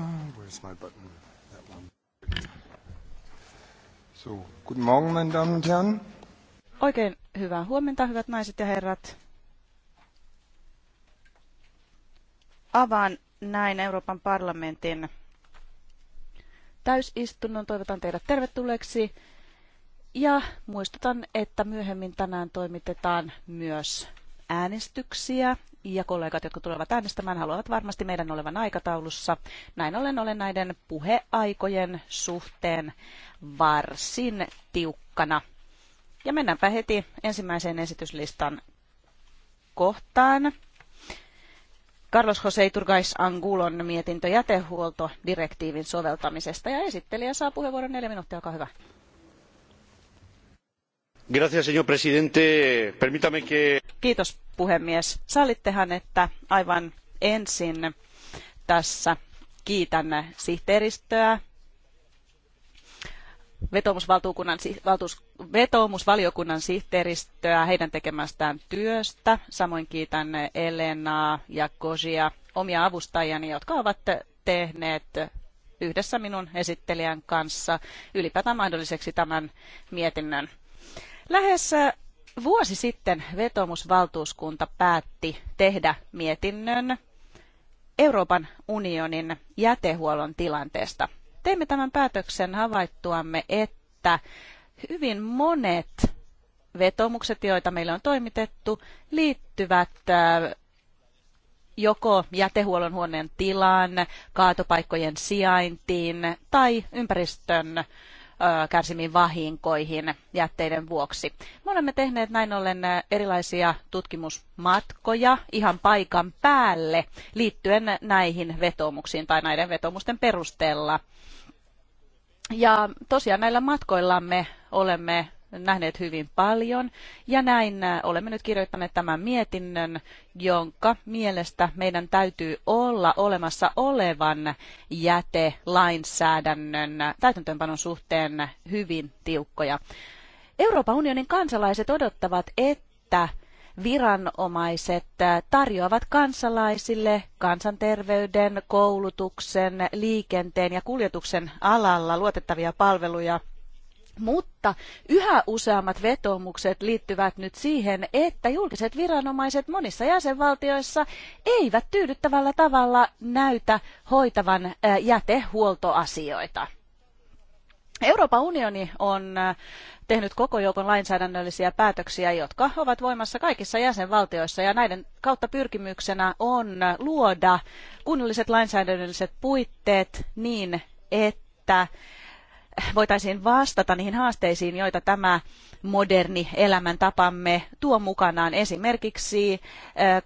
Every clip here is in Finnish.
Ah, where's my button? That one. So, guten Morgen, meine Damen und Herren. Oikein hyvää huomenta, hyvät naiset ja herrat. Avaan näin Euroopan parlamentin täysistunnon. Toivotan teidät tervetulleeksi. Ja muistutan, että myöhemmin tänään toimitetaan myös äänestyksiä ja kollegat, jotka tulevat äänestämään, haluavat varmasti meidän olevan aikataulussa. Näin ollen olen näiden puheaikojen suhteen varsin tiukkana. Ja mennäänpä heti ensimmäiseen esityslistan kohtaan. Carlos José Turgais Angulon mietintö jätehuoltodirektiivin soveltamisesta ja esittelijä saa puheenvuoron neljä minuuttia, olkaa hyvä señor presidente permítame que. kiitos puhemies sallittehan että aivan ensin tässä kiitän sihteeristöä valtuus, vetoomusvaliokunnan sihteeristöä heidän tekemästään työstä. Samoin kiitän Elenaa ja Kosia omia avustajiani, jotka ovat tehneet yhdessä minun esittelijän kanssa ylipäätään mahdolliseksi tämän mietinnön Lähes äh, vuosi sitten vetomusvaltuuskunta päätti tehdä mietinnön Euroopan unionin jätehuollon tilanteesta. Teimme tämän päätöksen havaittuamme, että hyvin monet vetomukset, joita meille on toimitettu, liittyvät äh, joko jätehuollon huoneen tilaan, kaatopaikkojen sijaintiin tai ympäristön kärsimiin vahinkoihin jätteiden vuoksi. Me olemme tehneet näin ollen erilaisia tutkimusmatkoja ihan paikan päälle liittyen näihin vetomuksiin tai näiden vetomusten perusteella. Ja tosiaan näillä matkoillamme olemme nähneet hyvin paljon. Ja näin äh, olemme nyt kirjoittaneet tämän mietinnön, jonka mielestä meidän täytyy olla olemassa olevan jätelainsäädännön äh, täytäntöönpanon suhteen hyvin tiukkoja. Euroopan unionin kansalaiset odottavat, että viranomaiset äh, tarjoavat kansalaisille kansanterveyden, koulutuksen, liikenteen ja kuljetuksen alalla luotettavia palveluja mutta yhä useammat vetomukset liittyvät nyt siihen, että julkiset viranomaiset monissa jäsenvaltioissa eivät tyydyttävällä tavalla näytä hoitavan äh, jätehuoltoasioita. Euroopan unioni on äh, tehnyt koko joukon lainsäädännöllisiä päätöksiä, jotka ovat voimassa kaikissa jäsenvaltioissa ja näiden kautta pyrkimyksenä on äh, luoda kunnolliset lainsäädännölliset puitteet niin, että voitaisiin vastata niihin haasteisiin, joita tämä moderni elämäntapamme tuo mukanaan. Esimerkiksi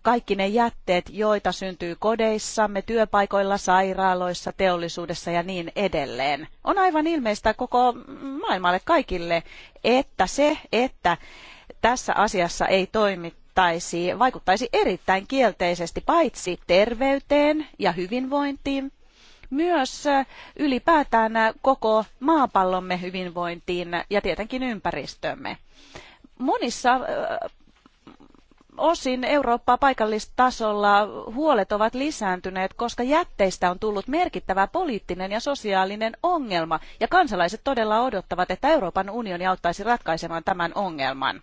kaikki ne jätteet, joita syntyy kodeissamme, työpaikoilla, sairaaloissa, teollisuudessa ja niin edelleen. On aivan ilmeistä koko maailmalle kaikille, että se, että tässä asiassa ei toimittu, vaikuttaisi erittäin kielteisesti paitsi terveyteen ja hyvinvointiin, myös ylipäätään koko maapallomme hyvinvointiin ja tietenkin ympäristömme. Monissa osin Eurooppaa paikallistasolla huolet ovat lisääntyneet, koska jätteistä on tullut merkittävä poliittinen ja sosiaalinen ongelma, ja kansalaiset todella odottavat, että Euroopan unioni auttaisi ratkaisemaan tämän ongelman.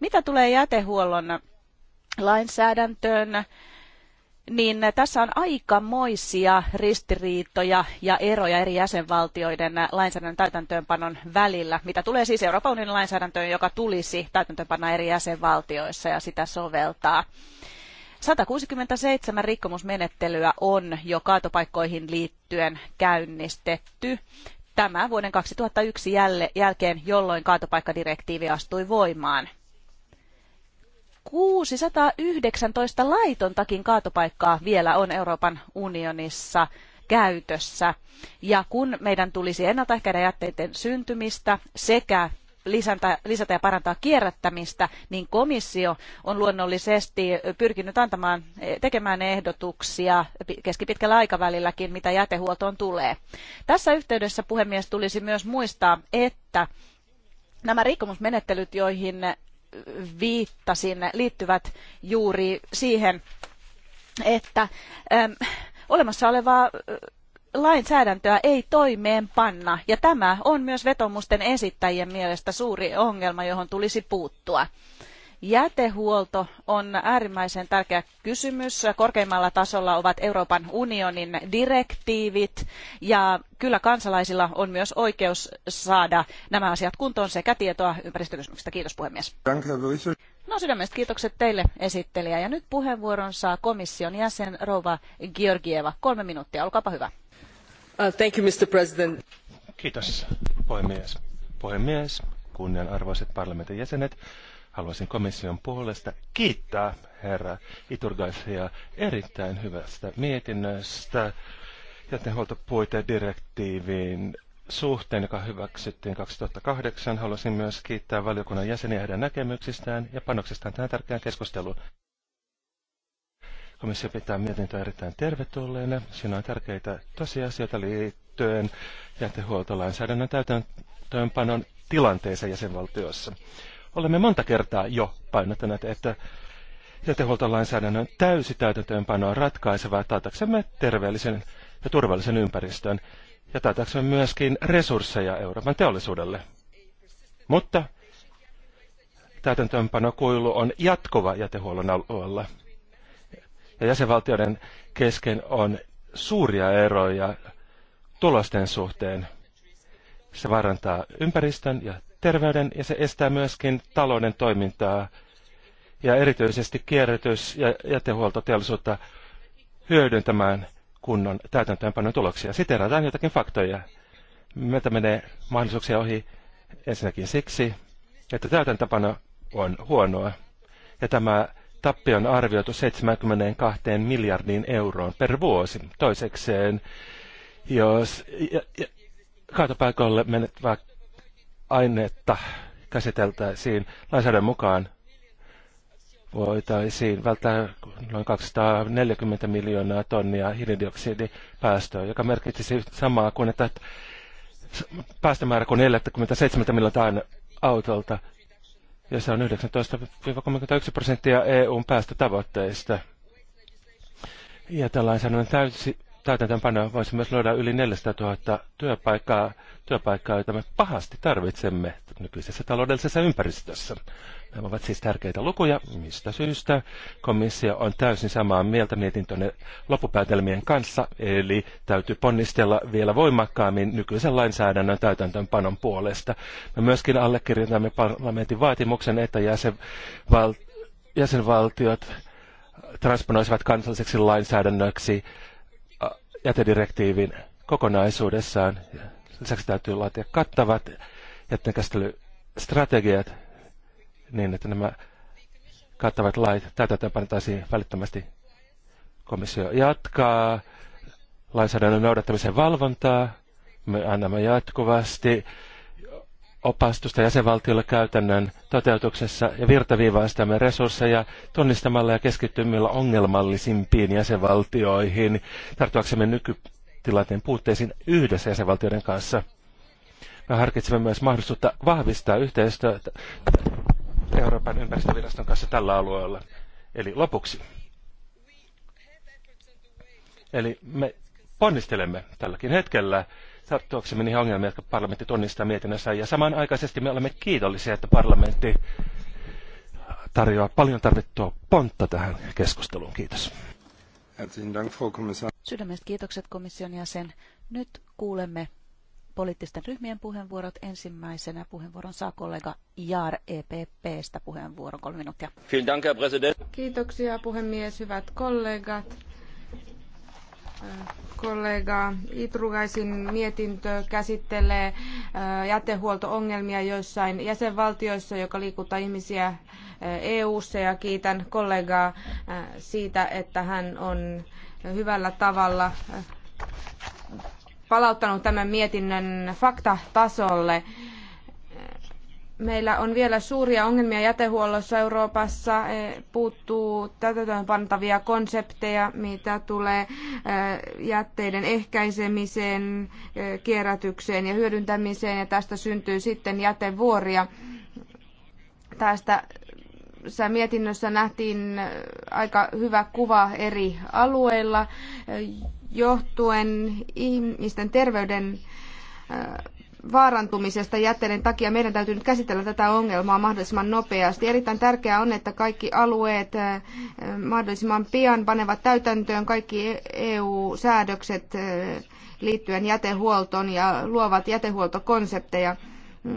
Mitä tulee jätehuollon lainsäädäntöön, niin tässä on aikamoisia ristiriitoja ja eroja eri jäsenvaltioiden lainsäädännön täytäntöönpanon välillä, mitä tulee siis Euroopan unionin lainsäädäntöön, joka tulisi täytäntöönpanna eri jäsenvaltioissa ja sitä soveltaa. 167 rikkomusmenettelyä on jo kaatopaikkoihin liittyen käynnistetty. Tämä vuoden 2001 jälkeen, jolloin kaatopaikkadirektiivi astui voimaan. 619 laitontakin kaatopaikkaa vielä on Euroopan unionissa käytössä. Ja kun meidän tulisi ennaltaehkäistä jätteiden syntymistä sekä lisätä ja parantaa kierrättämistä, niin komissio on luonnollisesti pyrkinyt antamaan, tekemään ehdotuksia keskipitkällä aikavälilläkin, mitä jätehuoltoon tulee. Tässä yhteydessä, puhemies, tulisi myös muistaa, että nämä rikkomusmenettelyt, joihin viittasin liittyvät juuri siihen, että olemassa olevaa lainsäädäntöä ei toimeenpanna. Ja tämä on myös vetomusten esittäjien mielestä suuri ongelma, johon tulisi puuttua. Jätehuolto on äärimmäisen tärkeä kysymys. Korkeimmalla tasolla ovat Euroopan unionin direktiivit ja kyllä kansalaisilla on myös oikeus saada nämä asiat kuntoon sekä tietoa ympäristökysymyksistä. Kiitos puhemies. No sydämestä kiitokset teille esittelijä. Ja nyt puheenvuoron saa komission jäsen Rova Georgieva. Kolme minuuttia, olkaapa hyvä. Uh, thank you, Mr. President. Kiitos, puhemies. Puhemies, kunnianarvoiset parlamentin jäsenet, Haluaisin komission puolesta kiittää herra Iturgaisia erittäin hyvästä mietinnöstä jätehuoltopuitedirektiivin suhteen, joka hyväksyttiin 2008. Haluaisin myös kiittää valiokunnan jäseniä heidän näkemyksistään ja panoksistaan tähän tärkeään keskusteluun. Komissio pitää mietintöä erittäin tervetulleena. Siinä on tärkeitä tosiasioita liittyen jätehuoltolainsäädännön täytäntöönpanon tilanteeseen jäsenvaltiossa. Olemme monta kertaa jo painottaneet, että jätehuoltolainsäädännön täysi täytäntöönpano on ratkaisevaa taataksemme terveellisen ja turvallisen ympäristön ja taataksemme myöskin resursseja Euroopan teollisuudelle. Mutta täytäntöönpanokuilu on jatkuva jätehuollon alueella. Ja jäsenvaltioiden kesken on suuria eroja tulosten suhteen. Se vaarantaa ympäristön ja terveyden ja se estää myöskin talouden toimintaa ja erityisesti kierrätys- ja jätehuoltoteollisuutta hyödyntämään kunnon täytäntöönpanon tuloksia. Siteerataan jotakin faktoja. Meiltä menee mahdollisuuksia ohi ensinnäkin siksi, että täytäntöpano on huonoa. Ja tämä tappio on arvioitu 72 miljardiin euroon per vuosi. Toisekseen, jos kaatopaikalle vaikka ainetta käsiteltäisiin lainsäädännön mukaan, voitaisiin välttää noin 240 miljoonaa tonnia hiilidioksidipäästöä, joka merkitsisi samaa kuin että päästömäärä kuin 47 miljoonaa autolta, ja se on 19-31 prosenttia EUn päästötavoitteista. Ja tällainen täysi täytäntöönpanoa voisi myös luoda yli 400 000 työpaikkaa, työpaikkaa, joita me pahasti tarvitsemme nykyisessä taloudellisessa ympäristössä. Nämä ovat siis tärkeitä lukuja, mistä syystä komissio on täysin samaa mieltä mietintöne loppupäätelmien kanssa, eli täytyy ponnistella vielä voimakkaammin nykyisen lainsäädännön täytäntöönpanon puolesta. Me myöskin allekirjoitamme parlamentin vaatimuksen, että jäsenval- jäsenvaltiot transponoisivat kansalliseksi lainsäädännöksi jätedirektiivin kokonaisuudessaan. Lisäksi täytyy laatia kattavat jätteenkäsittelystrategiat niin, että nämä kattavat lait täytäntöönpanetaisiin välittömästi. Komissio jatkaa lainsäädännön noudattamisen valvontaa. Me annamme jatkuvasti opastusta jäsenvaltioille käytännön toteutuksessa ja virtaviivaistamme resursseja tunnistamalla ja keskittymällä ongelmallisimpiin jäsenvaltioihin tarttuaksemme nykytilanteen puutteisiin yhdessä jäsenvaltioiden kanssa. Me harkitsemme myös mahdollisuutta vahvistaa yhteistyötä Euroopan ympäristöviraston kanssa tällä alueella. Eli lopuksi. Eli me ponnistelemme tälläkin hetkellä tarttuaksemme niihin ongelmiin, jotka parlamentti tunnistaa mietinnössä. Ja samanaikaisesti me olemme kiitollisia, että parlamentti tarjoaa paljon tarvittua pontta tähän keskusteluun. Kiitos. Sydämestä kiitokset komission jäsen. Nyt kuulemme poliittisten ryhmien puheenvuorot. Ensimmäisenä puheenvuoron saa kollega Jaar EPPstä puheenvuoron kolme minuuttia. Kiitoksia puhemies, hyvät kollegat kollega Itrugaisin mietintö käsittelee äh, jätehuolto-ongelmia joissain jäsenvaltioissa, joka liikuttaa ihmisiä äh, EU-ssa ja kiitän kollegaa äh, siitä, että hän on hyvällä tavalla palauttanut tämän mietinnön faktatasolle. tasolle meillä on vielä suuria ongelmia jätehuollossa Euroopassa. E, puuttuu täytäntöönpantavia konsepteja, mitä tulee e, jätteiden ehkäisemiseen, e, kierrätykseen ja hyödyntämiseen, ja tästä syntyy sitten jätevuoria. Tästä tässä mietinnössä nähtiin aika hyvä kuva eri alueilla johtuen ihmisten terveyden vaarantumisesta jätteiden takia meidän täytyy nyt käsitellä tätä ongelmaa mahdollisimman nopeasti. Erittäin tärkeää on, että kaikki alueet eh, mahdollisimman pian panevat täytäntöön kaikki EU-säädökset eh, liittyen jätehuoltoon ja luovat jätehuoltokonsepteja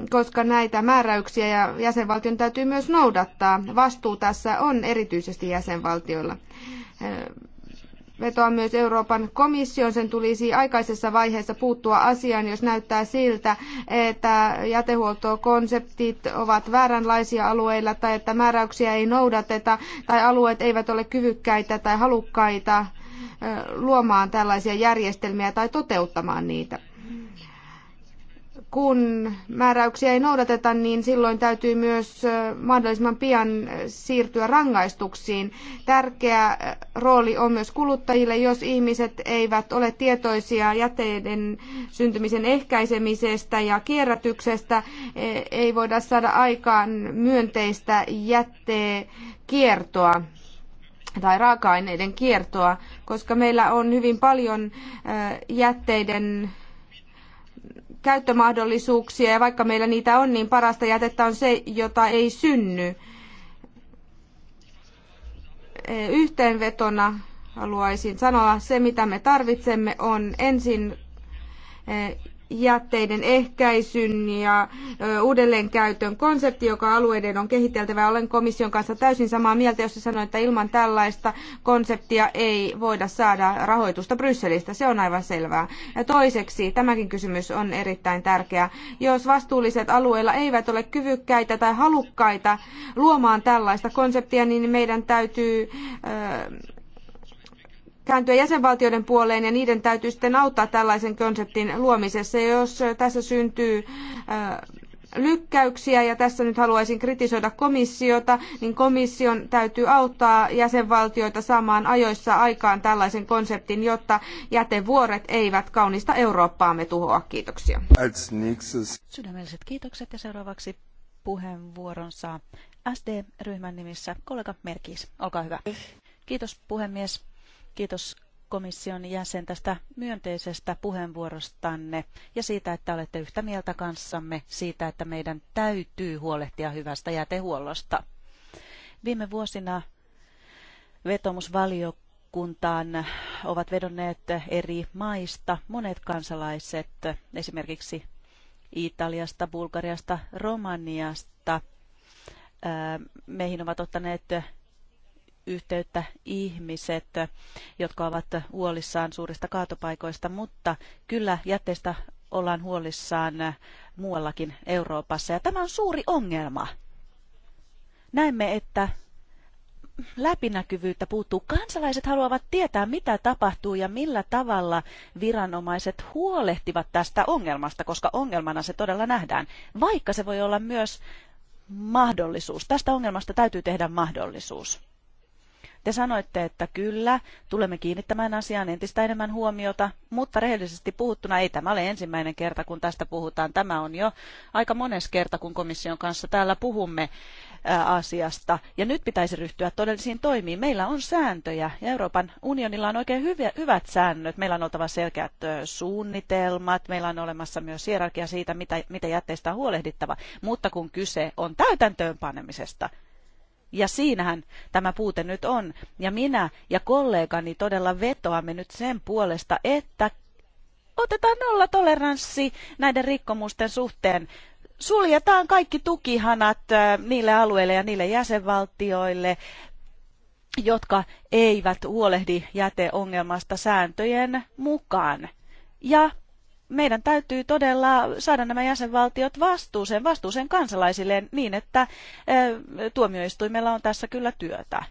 koska näitä määräyksiä ja jäsenvaltion täytyy myös noudattaa. Vastuu tässä on erityisesti jäsenvaltioilla. Eh, vetoan myös Euroopan komission. Sen tulisi aikaisessa vaiheessa puuttua asiaan, jos näyttää siltä, että jätehuoltokonseptit ovat vääränlaisia alueilla tai että määräyksiä ei noudateta tai alueet eivät ole kyvykkäitä tai halukkaita luomaan tällaisia järjestelmiä tai toteuttamaan niitä kun määräyksiä ei noudateta, niin silloin täytyy myös mahdollisimman pian siirtyä rangaistuksiin. Tärkeä rooli on myös kuluttajille, jos ihmiset eivät ole tietoisia jäteiden syntymisen ehkäisemisestä ja kierrätyksestä, e, ei voida saada aikaan myönteistä jättekiertoa tai raaka-aineiden kiertoa, koska meillä on hyvin paljon jätteiden käyttömahdollisuuksia ja vaikka meillä niitä on, niin parasta jätettä on se, jota ei synny. Yhteenvetona haluaisin sanoa, se mitä me tarvitsemme on ensin eh, jätteiden ehkäisyn ja uudelleenkäytön konsepti, joka alueiden on kehiteltävä. Olen komission kanssa täysin samaa mieltä, jos se sanoo, että ilman tällaista konseptia ei voida saada rahoitusta Brysselistä. Se on aivan selvää. Ja toiseksi, tämäkin kysymys on erittäin tärkeä. Jos vastuulliset alueilla eivät ole kyvykkäitä tai halukkaita luomaan tällaista konseptia, niin meidän täytyy kääntyä jäsenvaltioiden puoleen ja niiden täytyy sitten auttaa tällaisen konseptin luomisessa. Jos tässä syntyy äh, lykkäyksiä ja tässä nyt haluaisin kritisoida komissiota, niin komission täytyy auttaa jäsenvaltioita saamaan ajoissa aikaan tällaisen konseptin, jotta jätevuoret eivät kaunista Eurooppaamme tuhoa. Kiitoksia. Sydämelliset kiitokset ja seuraavaksi puheenvuoron saa SD-ryhmän nimissä kollega Merkis. Olkaa hyvä. Kiitos puhemies. Kiitos komission jäsen tästä myönteisestä puheenvuorostanne ja siitä, että olette yhtä mieltä kanssamme siitä, että meidän täytyy huolehtia hyvästä jätehuollosta. Viime vuosina vetomusvaliokuntaan ovat vedonneet eri maista monet kansalaiset, esimerkiksi Italiasta, Bulgariasta, Romaniasta. Meihin ovat ottaneet yhteyttä ihmiset, jotka ovat huolissaan suurista kaatopaikoista, mutta kyllä jätteistä ollaan huolissaan muuallakin Euroopassa. Ja tämä on suuri ongelma. Näemme, että läpinäkyvyyttä puuttuu. Kansalaiset haluavat tietää, mitä tapahtuu ja millä tavalla viranomaiset huolehtivat tästä ongelmasta, koska ongelmana se todella nähdään, vaikka se voi olla myös mahdollisuus. Tästä ongelmasta täytyy tehdä mahdollisuus. Te sanoitte, että kyllä, tulemme kiinnittämään asiaan entistä enemmän huomiota, mutta rehellisesti puhuttuna ei tämä ole ensimmäinen kerta, kun tästä puhutaan. Tämä on jo aika mones kerta, kun komission kanssa täällä puhumme asiasta. Ja nyt pitäisi ryhtyä todellisiin toimiin. Meillä on sääntöjä ja Euroopan unionilla on oikein hyviä, hyvät säännöt. Meillä on oltava selkeät suunnitelmat, meillä on olemassa myös hierarkia siitä, mitä, mitä jätteistä on huolehdittava. Mutta kun kyse on täytäntöönpanemisesta, ja siinähän tämä puute nyt on. Ja minä ja kollegani todella vetoamme nyt sen puolesta, että otetaan nolla toleranssi näiden rikkomusten suhteen. Suljetaan kaikki tukihanat äh, niille alueille ja niille jäsenvaltioille, jotka eivät huolehdi jäteongelmasta sääntöjen mukaan. Ja meidän täytyy todella saada nämä jäsenvaltiot vastuuseen, vastuuseen kansalaisilleen niin, että tuomioistuimella on tässä kyllä työtä.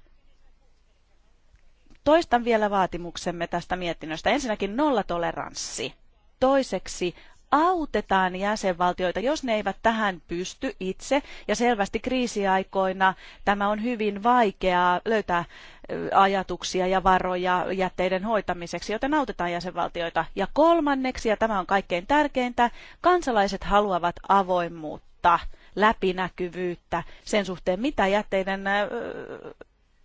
Toistan vielä vaatimuksemme tästä mietinnöstä. Ensinnäkin nollatoleranssi. Toiseksi autetaan jäsenvaltioita, jos ne eivät tähän pysty itse. Ja selvästi kriisiaikoina tämä on hyvin vaikeaa löytää ajatuksia ja varoja jätteiden hoitamiseksi, joten autetaan jäsenvaltioita. Ja kolmanneksi, ja tämä on kaikkein tärkeintä, kansalaiset haluavat avoimuutta, läpinäkyvyyttä sen suhteen, mitä jätteiden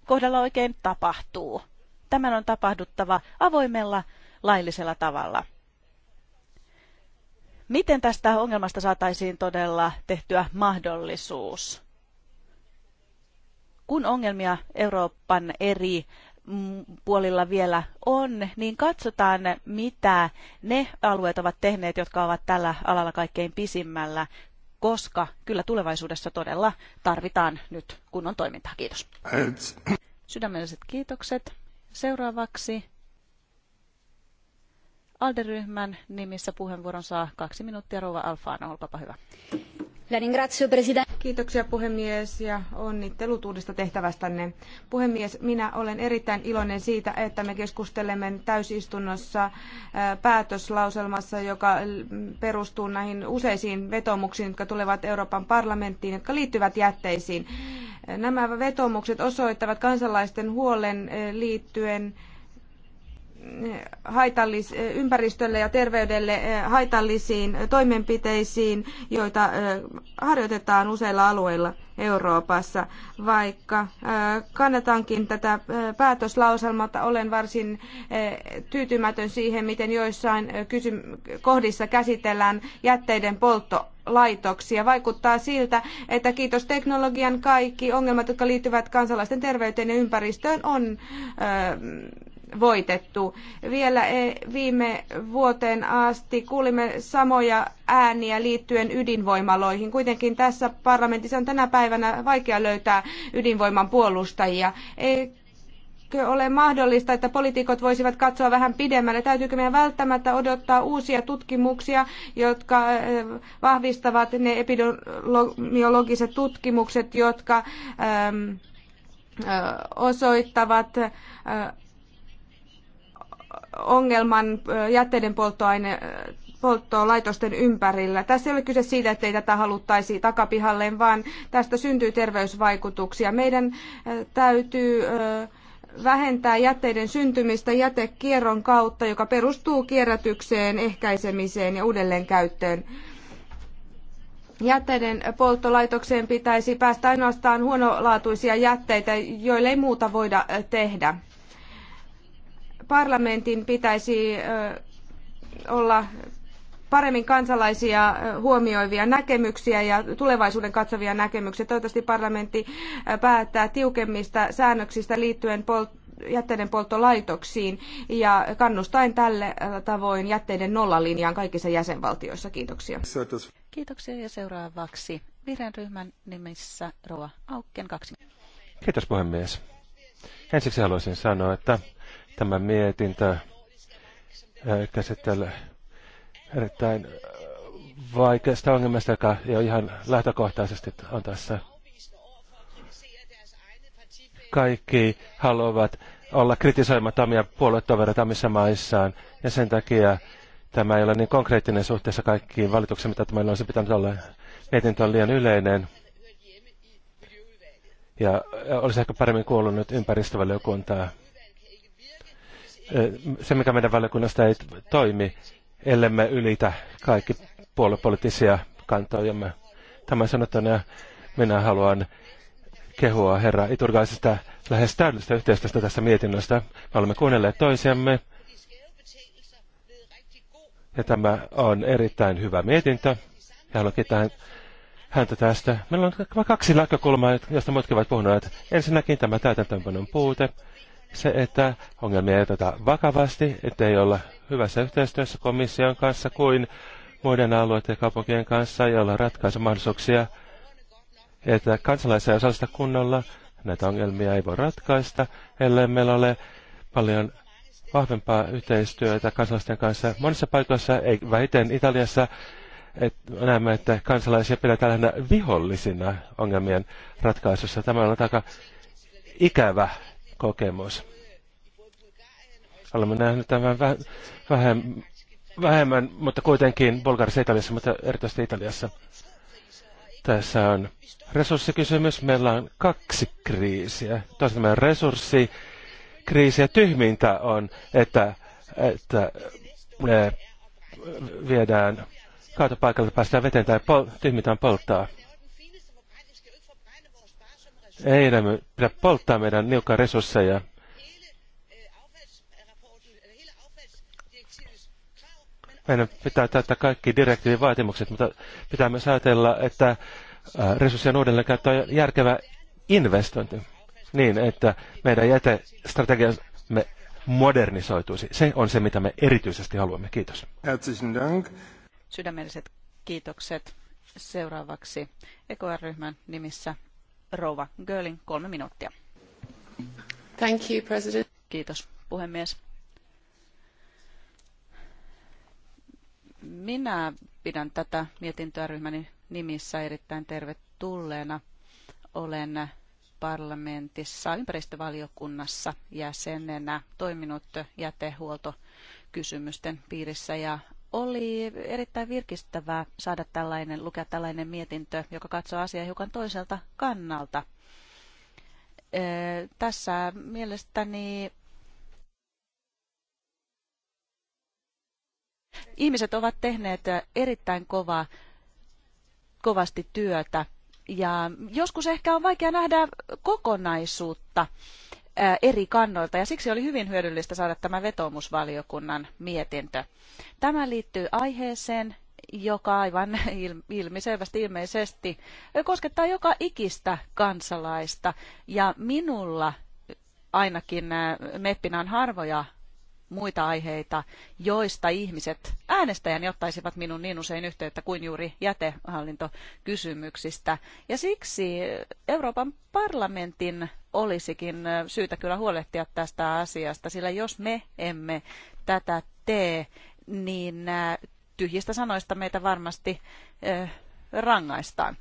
kohdalla oikein tapahtuu. Tämän on tapahduttava avoimella, laillisella tavalla. Miten tästä ongelmasta saataisiin todella tehtyä mahdollisuus? Kun ongelmia Euroopan eri mm, puolilla vielä on, niin katsotaan, mitä ne alueet ovat tehneet, jotka ovat tällä alalla kaikkein pisimmällä, koska kyllä tulevaisuudessa todella tarvitaan nyt kunnon toimintaa. Kiitos. Sydämelliset kiitokset. Seuraavaksi Alderyhmän nimissä puheenvuoron saa kaksi minuuttia Rouva Alfaano, olkapa hyvä. Kiitoksia puhemies ja onnittelut uudesta tehtävästänne. Puhemies, minä olen erittäin iloinen siitä, että me keskustelemme täysistunnossa äh, päätöslauselmassa, joka perustuu näihin useisiin vetomuksiin, jotka tulevat Euroopan parlamenttiin, jotka liittyvät jätteisiin. Nämä vetomukset osoittavat kansalaisten huolen äh, liittyen haitallis, ympäristölle ja terveydelle eh, haitallisiin toimenpiteisiin, joita eh, harjoitetaan useilla alueilla Euroopassa. Vaikka eh, kannatankin tätä päätöslauselmata, olen varsin tyytymätön siihen, miten joissain kohdissa käsitellään jätteiden poltto laitoksia. Vaikuttaa siltä, että kiitos teknologian kaikki ongelmat, jotka liittyvät kansalaisten terveyteen ja ympäristöön, on voitettu. Vielä e, viime vuoteen asti kuulimme samoja ääniä liittyen ydinvoimaloihin. Kuitenkin tässä parlamentissa on tänä päivänä vaikea löytää ydinvoiman puolustajia. Eikö ole mahdollista, että poliitikot voisivat katsoa vähän pidemmälle? Täytyykö meidän välttämättä odottaa uusia tutkimuksia, jotka e, vahvistavat ne epidemiologiset tutkimukset, jotka osoittavat ongelman jätteiden polttoaine, polttolaitosten ympärillä. Tässä ei ole kyse siitä, ettei tätä haluttaisi takapihalle, vaan tästä syntyy terveysvaikutuksia. Meidän täytyy vähentää jätteiden syntymistä jätekierron kautta, joka perustuu kierrätykseen, ehkäisemiseen ja uudelleenkäyttöön. Jätteiden polttolaitokseen pitäisi päästä ainoastaan huonolaatuisia jätteitä, joille ei muuta voida tehdä parlamentin pitäisi olla paremmin kansalaisia huomioivia näkemyksiä ja tulevaisuuden katsovia näkemyksiä. Toivottavasti parlamentti päättää tiukemmista säännöksistä liittyen polt- jätteiden polttolaitoksiin ja kannustaen tälle tavoin jätteiden nollalinjaan kaikissa jäsenvaltioissa. Kiitoksia. Kiitoksia ja seuraavaksi vihreän ryhmän nimissä Roa Aukken kaksi. Kiitos puhemies. Ensiksi haluaisin sanoa, että Tämä mietintö käsittelee erittäin vaikeasta ongelmasta, joka jo ihan lähtökohtaisesti on tässä. Kaikki haluavat olla kritisoimatta omia puoluetovereita missä maissaan, ja sen takia tämä ei ole niin konkreettinen suhteessa kaikkiin valituksiin, mitä meillä olisi pitänyt olla. Mietintö on liian yleinen, ja olisi ehkä paremmin kuulunut ympäristövaliokuntaa se, mikä meidän valiokunnasta ei toimi, ellemme ylitä kaikki puoluepoliittisia kantojamme. Tämän sanottuna minä haluan kehua herra Iturgaisesta lähes täydellistä yhteistyöstä tässä mietinnöstä. Me olemme kuunnelleet toisiamme. Ja tämä on erittäin hyvä mietintö. Ja haluan kiittää häntä tästä. Meillä on kaksi näkökulmaa, josta muutkin ovat puhuneet. Ensinnäkin tämä täytäntöönpanon puute se, että ongelmia ei oteta vakavasti, ettei olla hyvässä yhteistyössä komission kanssa kuin muiden alueiden ja kaupunkien kanssa, ja olla ratkaisumahdollisuuksia, että kansalaisia ei osallista kunnolla. Näitä ongelmia ei voi ratkaista, ellei meillä ole paljon vahvempaa yhteistyötä kansalaisten kanssa. Monissa paikoissa, ei vähiten Italiassa, et näemme, että kansalaisia pidetään lähinnä vihollisina ongelmien ratkaisussa. Tämä on aika ikävä kokemus. Olemme nähneet tämän vähän vähemmän, mutta kuitenkin Bulgarissa Italiassa, mutta erityisesti Italiassa. Tässä on resurssikysymys. Meillä on kaksi kriisiä. Toisaalta meillä resurssikriisi ja tyhmintä on, että, että me eh, viedään kaatopaikalta, päästään veteen tai pol- tyhmintään polttaa. Ei enää pidä polttaa meidän niukka resursseja. Meidän pitää täyttää kaikki direktiivin vaatimukset, mutta pitää myös ajatella, että resurssien uudelleenkäyttö on järkevä investointi niin, että meidän jätestrategiamme modernisoituisi. Se on se, mitä me erityisesti haluamme. Kiitos. Sydämelliset kiitokset. Seuraavaksi EKR-ryhmän nimissä rouva Görling, kolme minuuttia. Thank you, President. Kiitos, puhemies. Minä pidän tätä mietintöä ryhmäni nimissä erittäin tervetulleena. Olen parlamentissa ympäristövaliokunnassa jäsenenä toiminut jätehuoltokysymysten piirissä ja oli erittäin virkistävää saada tällainen, lukea tällainen mietintö, joka katsoo asiaa hiukan toiselta kannalta. Tässä mielestäni ihmiset ovat tehneet erittäin kova kovasti työtä ja joskus ehkä on vaikea nähdä kokonaisuutta eri kannoilta ja siksi oli hyvin hyödyllistä saada tämä vetoomusvaliokunnan mietintö. Tämä liittyy aiheeseen, joka aivan ilmiselvästi ilmeisesti koskettaa joka ikistä kansalaista ja minulla ainakin meppinä on harvoja muita aiheita, joista ihmiset äänestäjäni ottaisivat minun niin usein yhteyttä kuin juuri jätehallintokysymyksistä. Ja siksi Euroopan parlamentin olisikin syytä kyllä huolehtia tästä asiasta, sillä jos me emme tätä tee, niin äh, tyhjistä sanoista meitä varmasti äh, rangaistaan.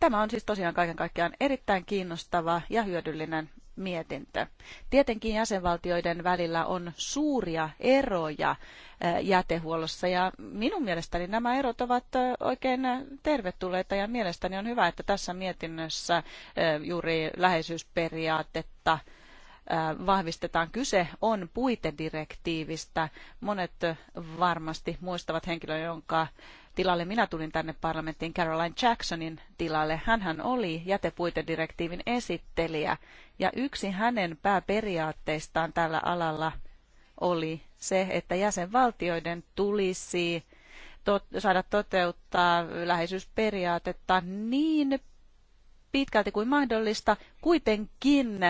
Tämä on siis tosiaan kaiken kaikkiaan erittäin kiinnostava ja hyödyllinen mietintö. Tietenkin jäsenvaltioiden välillä on suuria eroja eh, jätehuollossa ja minun mielestäni nämä erot ovat eh, oikein eh, tervetulleita ja mielestäni on hyvä, että tässä mietinnössä juuri läheisyysperiaatetta vahvistetaan. Kyse on puitedirektiivistä. Monet varmasti muistavat henkilön, jonka tilalle minä tulin tänne parlamenttiin Caroline Jacksonin tilalle. Hänhän oli jätepuitedirektiivin esittelijä ja yksi hänen pääperiaatteistaan tällä alalla oli se, että jäsenvaltioiden tulisi tot, saada toteuttaa läheisyysperiaatetta niin pitkälti kuin mahdollista, kuitenkin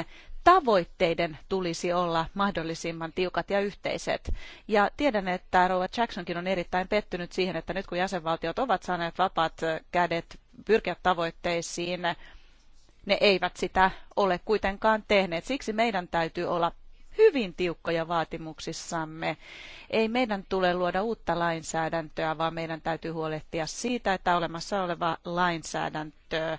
tavoitteiden tulisi olla mahdollisimman tiukat ja yhteiset. Ja tiedän, että Rova Jacksonkin on erittäin pettynyt siihen, että nyt kun jäsenvaltiot ovat saaneet vapaat kädet pyrkiä tavoitteisiin, ne eivät sitä ole kuitenkaan tehneet. Siksi meidän täytyy olla hyvin tiukkoja vaatimuksissamme. Ei meidän tule luoda uutta lainsäädäntöä, vaan meidän täytyy huolehtia siitä, että olemassa oleva lainsäädäntö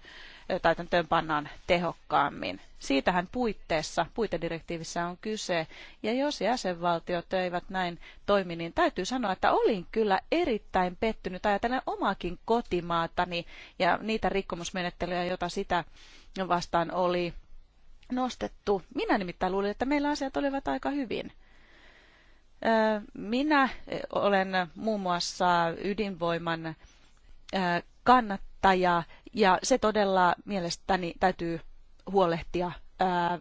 täytäntöön pannaan tehokkaammin. Siitähän puitteessa, puitedirektiivissä on kyse. Ja jos jäsenvaltiot eivät näin toimi, niin täytyy sanoa, että olin kyllä erittäin pettynyt ajatellen omaakin kotimaatani ja niitä rikkomusmenettelyjä, joita sitä vastaan oli nostettu. Minä nimittäin luulin, että meillä asiat olivat aika hyvin. Minä olen muun muassa ydinvoiman kannattaja ja se todella mielestäni täytyy huolehtia ää,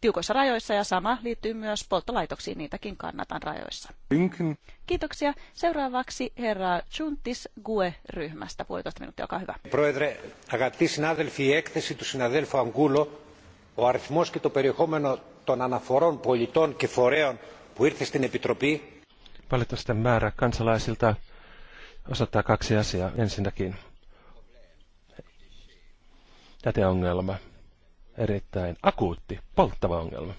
tiukoissa rajoissa ja sama liittyy myös polttolaitoksiin, niitäkin kannatan rajoissa. Linkin. Kiitoksia. Seuraavaksi herra Chuntis GUE-ryhmästä. Puolitoista minuuttia, olkaa hyvä. Proedre, agatti sinadelfi η του συναδέλφου Αγκούλο, ο αριθμός και το περιεχόμενο των αναφορών πολιτών και φορέων που ήρθε στην Επιτροπή. Valitusten määrä kansalaisilta osoittaa kaksi asiaa. Ensinnäkin jäteongelma. Erittäin akuutti, polttava ongelma.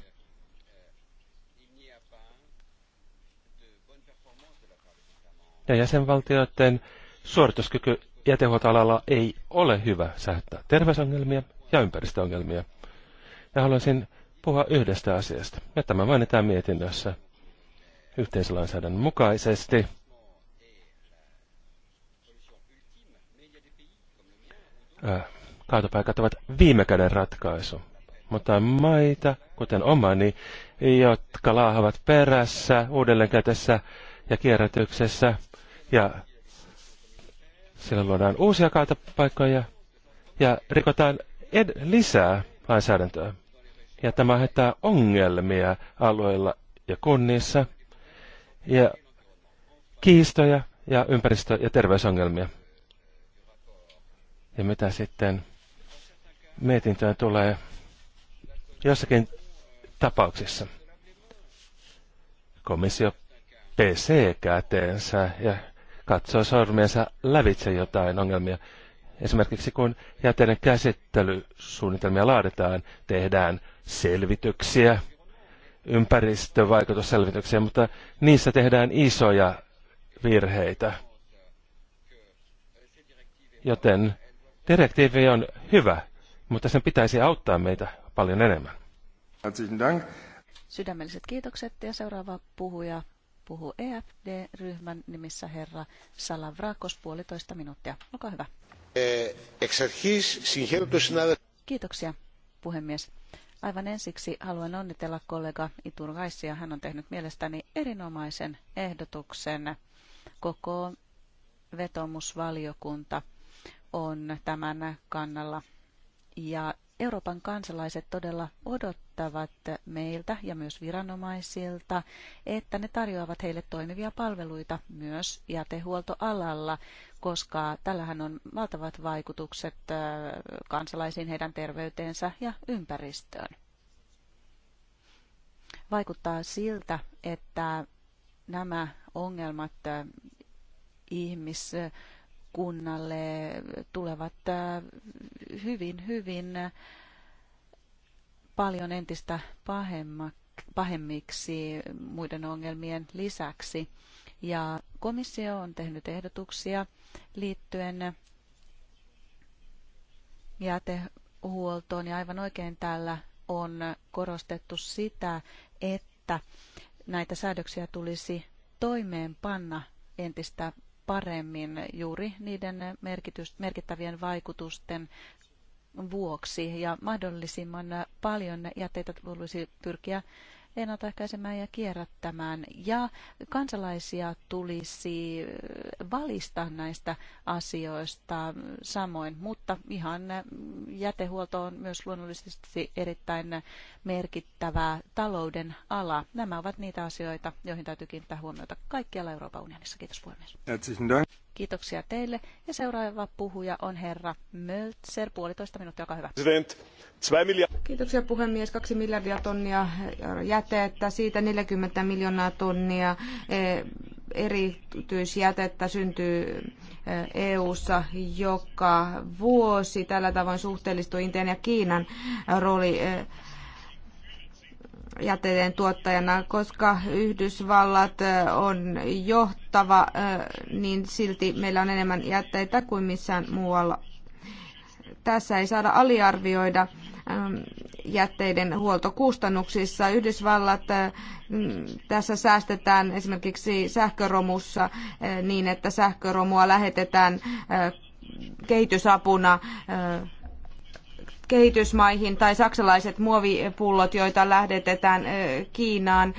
Ja jäsenvaltioiden suorituskyky jätehuoltoalalla ei ole hyvä sähättää terveysongelmia ja ympäristöongelmia. Ja haluaisin puhua yhdestä asiasta, ja tämä mainitaan mietinnössä yhteislainsäädännön mukaisesti. Äh kaatopaikat ovat käden ratkaisu. Mutta maita, kuten omani, jotka laahavat perässä, uudelleenkäytössä ja kierrätyksessä. Ja siellä luodaan uusia kaatopaikkoja ja rikotaan ed- lisää lainsäädäntöä. Ja tämä aiheuttaa ongelmia alueilla ja kunnissa ja kiistoja ja ympäristö- ja terveysongelmia. Ja mitä sitten mietintöön tulee jossakin tapauksessa. Komissio PC käteensä ja katsoo sormiensa lävitse jotain ongelmia. Esimerkiksi kun jäteiden käsittelysuunnitelmia laaditaan, tehdään selvityksiä, ympäristövaikutusselvityksiä, mutta niissä tehdään isoja virheitä. Joten direktiivi on hyvä mutta sen pitäisi auttaa meitä paljon enemmän. Sydämelliset kiitokset ja seuraava puhuja puhuu EFD-ryhmän nimissä herra Salavrakos puolitoista minuuttia. Olkaa hyvä. Eh, Kiitoksia, puhemies. Aivan ensiksi haluan onnitella kollega Iturgaisia. Hän on tehnyt mielestäni erinomaisen ehdotuksen. Koko vetomusvaliokunta on tämän kannalla ja Euroopan kansalaiset todella odottavat meiltä ja myös viranomaisilta, että ne tarjoavat heille toimivia palveluita myös jätehuoltoalalla, koska tällähän on valtavat vaikutukset kansalaisiin, heidän terveyteensä ja ympäristöön. Vaikuttaa siltä, että nämä ongelmat ihmis- kunnalle tulevat äh, hyvin, hyvin paljon entistä pahemmiksi muiden ongelmien lisäksi. Ja komissio on tehnyt ehdotuksia liittyen jätehuoltoon ja aivan oikein täällä on korostettu sitä, että näitä säädöksiä tulisi toimeenpanna entistä paremmin juuri niiden merkittävien vaikutusten vuoksi ja mahdollisimman paljon jätteitä tulisi pyrkiä ennaltaehkäisemään ja kierrättämään. Ja kansalaisia tulisi äh, valistaa näistä asioista samoin, mutta ihan äh, jätehuolto on myös luonnollisesti erittäin merkittävä talouden ala. Nämä ovat niitä asioita, joihin täytyy kiinnittää huomiota kaikkialla Euroopan unionissa. Kiitos puhemies. Kiitoksia teille. Ja seuraava puhuja on herra Möltser, puolitoista minuuttia, olkaa hyvä. Kiitoksia puhemies. Kaksi miljardia tonnia jätettä, siitä 40 miljoonaa tonnia e, erityisjätettä syntyy EU-ssa e joka vuosi. Tällä tavoin suhteellistuu Intian ja Kiinan rooli e, jätteiden tuottajana, koska Yhdysvallat on johtava, niin silti meillä on enemmän jätteitä kuin missään muualla. Tässä ei saada aliarvioida jätteiden huoltokustannuksissa. Yhdysvallat mm, tässä säästetään esimerkiksi sähköromussa niin, että sähköromua lähetetään kehitysapuna kehitysmaihin tai saksalaiset muovipullot, joita lähdetetään Kiinaan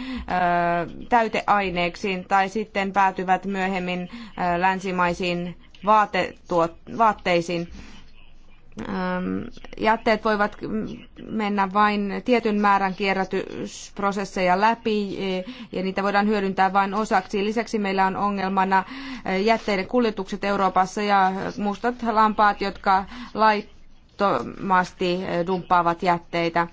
täyteaineeksi tai sitten päätyvät myöhemmin länsimaisiin vaatteisiin jätteet voivat mennä vain tietyn määrän kierrätysprosesseja läpi e, ja niitä voidaan hyödyntää vain osaksi. Lisäksi meillä on ongelmana jätteiden kuljetukset Euroopassa ja mustat lampaat, jotka laittaa loputtomasti eh, dumppaavat jätteitä.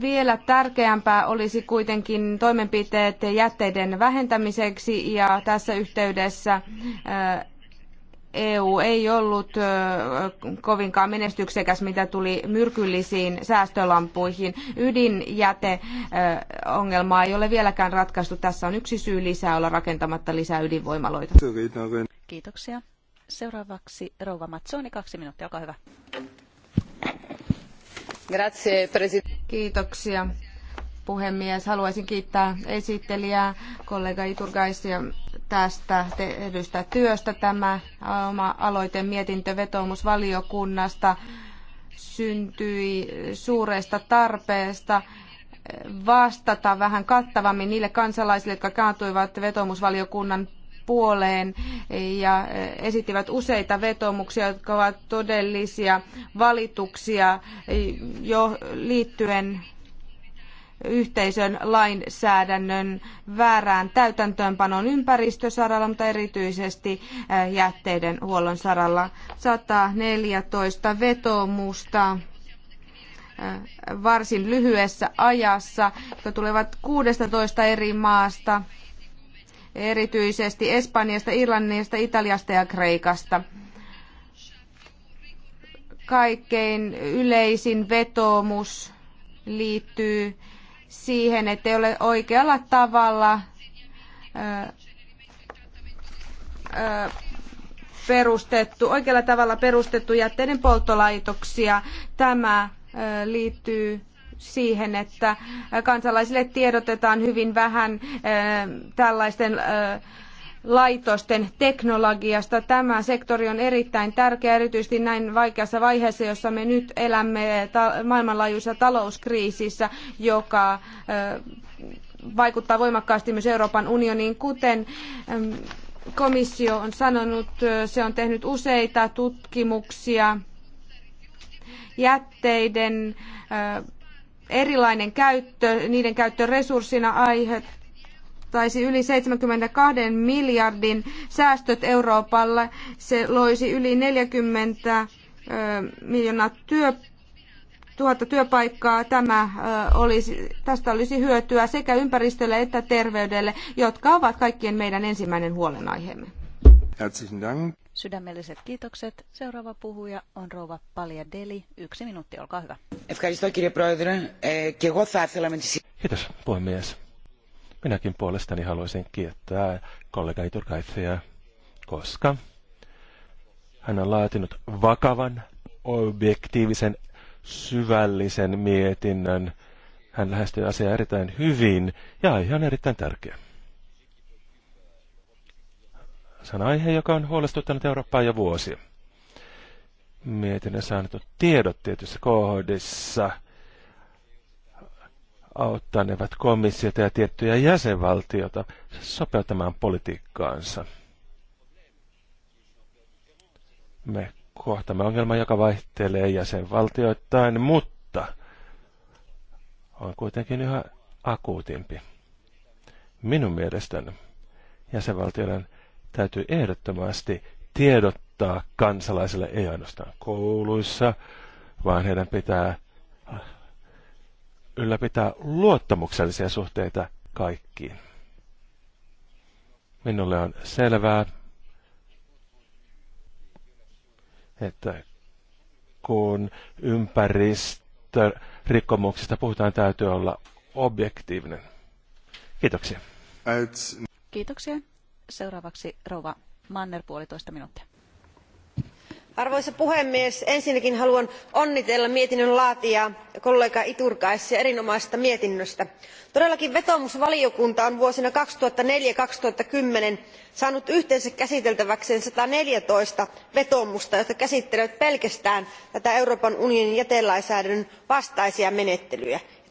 Vielä tärkeämpää olisi kuitenkin toimenpiteet jätteiden vähentämiseksi ja tässä yhteydessä EU eh, e ei ollut eh, kovinkaan menestyksekäs, mitä tuli myrkyllisiin säästölampuihin. Ydinjäteongelmaa ei ole vieläkään ratkaistu. Tässä on yksi syy lisää olla rakentamatta lisää ydinvoimaloita. Kiitoksia. Seuraavaksi Rouva Mazzoni, kaksi minuuttia, olkaa hyvä. Kiitoksia puhemies. Haluaisin kiittää esittelijää, kollega Iturgaisia tästä tehdystä työstä. Tämä oma aloite mietintö vetoomusvaliokunnasta syntyi suuresta tarpeesta vastata vähän kattavammin niille kansalaisille, jotka kaatuivat vetomusvaliokunnan puoleen ja eh, esittivät useita vetomuksia, jotka ovat todellisia valituksia eh, jo liittyen yhteisön lainsäädännön väärään täytäntöönpanon ympäristösaralla, mutta erityisesti eh, jätteiden huollon saralla 114 vetoomusta varsin lyhyessä ajassa, jotka tulevat 16 eri maasta erityisesti Espanjasta, Irlannista, Italiasta ja Kreikasta. Kaikkein yleisin vetoomus liittyy siihen, että ei ole oikealla tavalla perustettu, oikealla tavalla perustettu jätteiden polttolaitoksia. Tämä liittyy siihen, että kansalaisille tiedotetaan hyvin vähän eh, tällaisten eh, laitosten teknologiasta. Tämä sektori on erittäin tärkeä, erityisesti näin vaikeassa vaiheessa, jossa me nyt elämme maailmanlaajuisessa talouskriisissä, joka eh, vaikuttaa voimakkaasti myös Euroopan unioniin, kuten komissio on sanonut, se on tehnyt useita tutkimuksia jätteiden erilainen käyttö, niiden käyttö resurssina aiheuttaisi yli 72 miljardin säästöt Euroopalle. Se loisi yli 40 miljoonaa työ, tuhatta työpaikkaa. Tämä olisi, tästä olisi hyötyä sekä ympäristölle että terveydelle, jotka ovat kaikkien meidän ensimmäinen huolenaiheemme. Herzlichen Dank. Sydämelliset kiitokset. Seuraava puhuja on rouva Palja Deli. Yksi minuutti, olkaa hyvä. Kiitos puhemies. Minäkin puolestani haluaisin kiittää kollega Iturkaithia, koska hän on laatinut vakavan, objektiivisen, syvällisen mietinnän. Hän lähestyy asiaa erittäin hyvin ja aihe on erittäin tärkeä. Se on aihe, joka on huolestuttanut Eurooppaa jo vuosia. Mietinnössä saanut tiedot tietyissä kohdissa auttanevat komissiota ja tiettyjä jäsenvaltiota sopeuttamaan politiikkaansa. Me kohtamme ongelman, joka vaihtelee jäsenvaltioittain, mutta on kuitenkin yhä akuutimpi. Minun mielestäni jäsenvaltioiden täytyy ehdottomasti tiedottaa kansalaisille, ei ainoastaan kouluissa, vaan heidän pitää ylläpitää luottamuksellisia suhteita kaikkiin. Minulle on selvää, että kun ympäristörikkomuksista puhutaan, täytyy olla objektiivinen. Kiitoksia. Kiitoksia. Seuraavaksi rouva Manner puolitoista minuuttia. Arvoisa puhemies, ensinnäkin haluan onnitella mietinnön laatijaa kollega Iturkaisia erinomaisesta mietinnöstä. Todellakin vetomusvaliokunta on vuosina 2004-2010 saanut yhteensä käsiteltäväkseen 114 vetomusta, jotka käsittelevät pelkästään tätä Euroopan unionin jätelainsäädännön vastaisia menettelyjä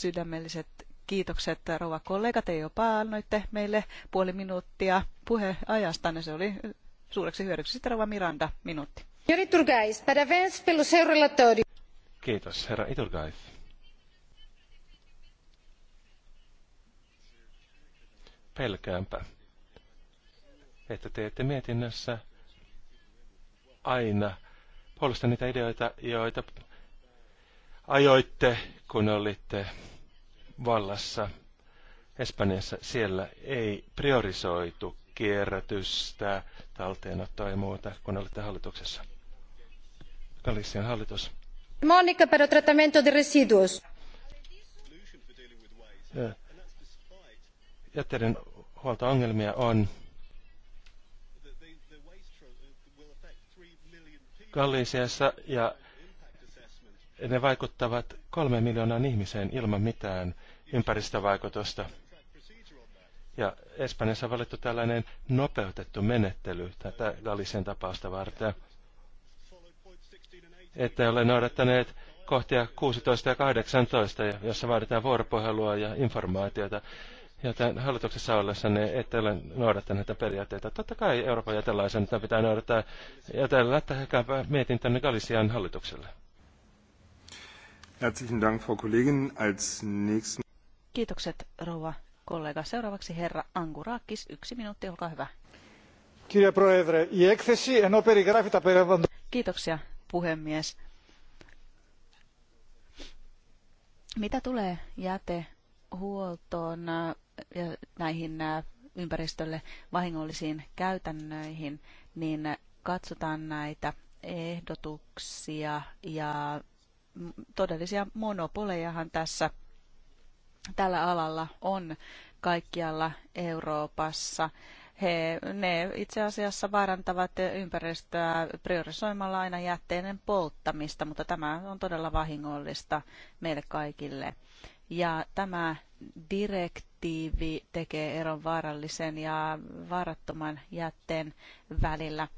sydämelliset kiitokset rouva kollega, te jopa annoitte meille puoli minuuttia niin Se oli suureksi hyödyksi. Sitten rouva Miranda, minuutti. Kiitos, herra Iturgais. Pelkäänpä, että teette mietinnössä aina puolesta niitä ideoita, joita ajoitte, kun olitte vallassa Espanjassa. Siellä ei priorisoitu kierrätystä, talteenottoa ja muuta, kun olitte hallituksessa. Galician hallitus. Monika para tratamento de residuos. Jätteiden huolto-ongelmia on. Galiciassa ja ne vaikuttavat kolme miljoonaan ihmiseen ilman mitään ympäristövaikutusta. Ja Espanjassa on valittu tällainen nopeutettu menettely tätä Galisen tapausta varten, että ole noudattaneet kohtia 16 ja 18, jossa vaaditaan vuoropuhelua ja informaatiota. Ja tämän hallituksessa ollessa ne ette ole noudattaneet näitä periaatteita. Totta kai Euroopan jätelaisen pitää noudattaa. Ja tällä mietin tänne Galisian hallitukselle. Herzlichen Dank, Frau Kollegin. Als nächsten... Kiitokset, rouva kollega. Seuraavaksi herra Angurakis. Yksi minuutti, olkaa hyvä. Kirja Proevre, η έκθεση ενώ περιγράφει τα Kiitoksia, puhemies. Mitä tulee jätehuoltoon äh, ja näihin äh, ympäristölle vahingollisiin käytännöihin, niin katsotaan näitä ehdotuksia ja todellisia monopolejahan tässä tällä alalla on kaikkialla Euroopassa. He, ne itse asiassa vaarantavat ympäristöä priorisoimalla aina jätteiden polttamista, mutta tämä on todella vahingollista meille kaikille. Ja tämä direktiivi tekee eron vaarallisen ja vaarattoman jätteen välillä.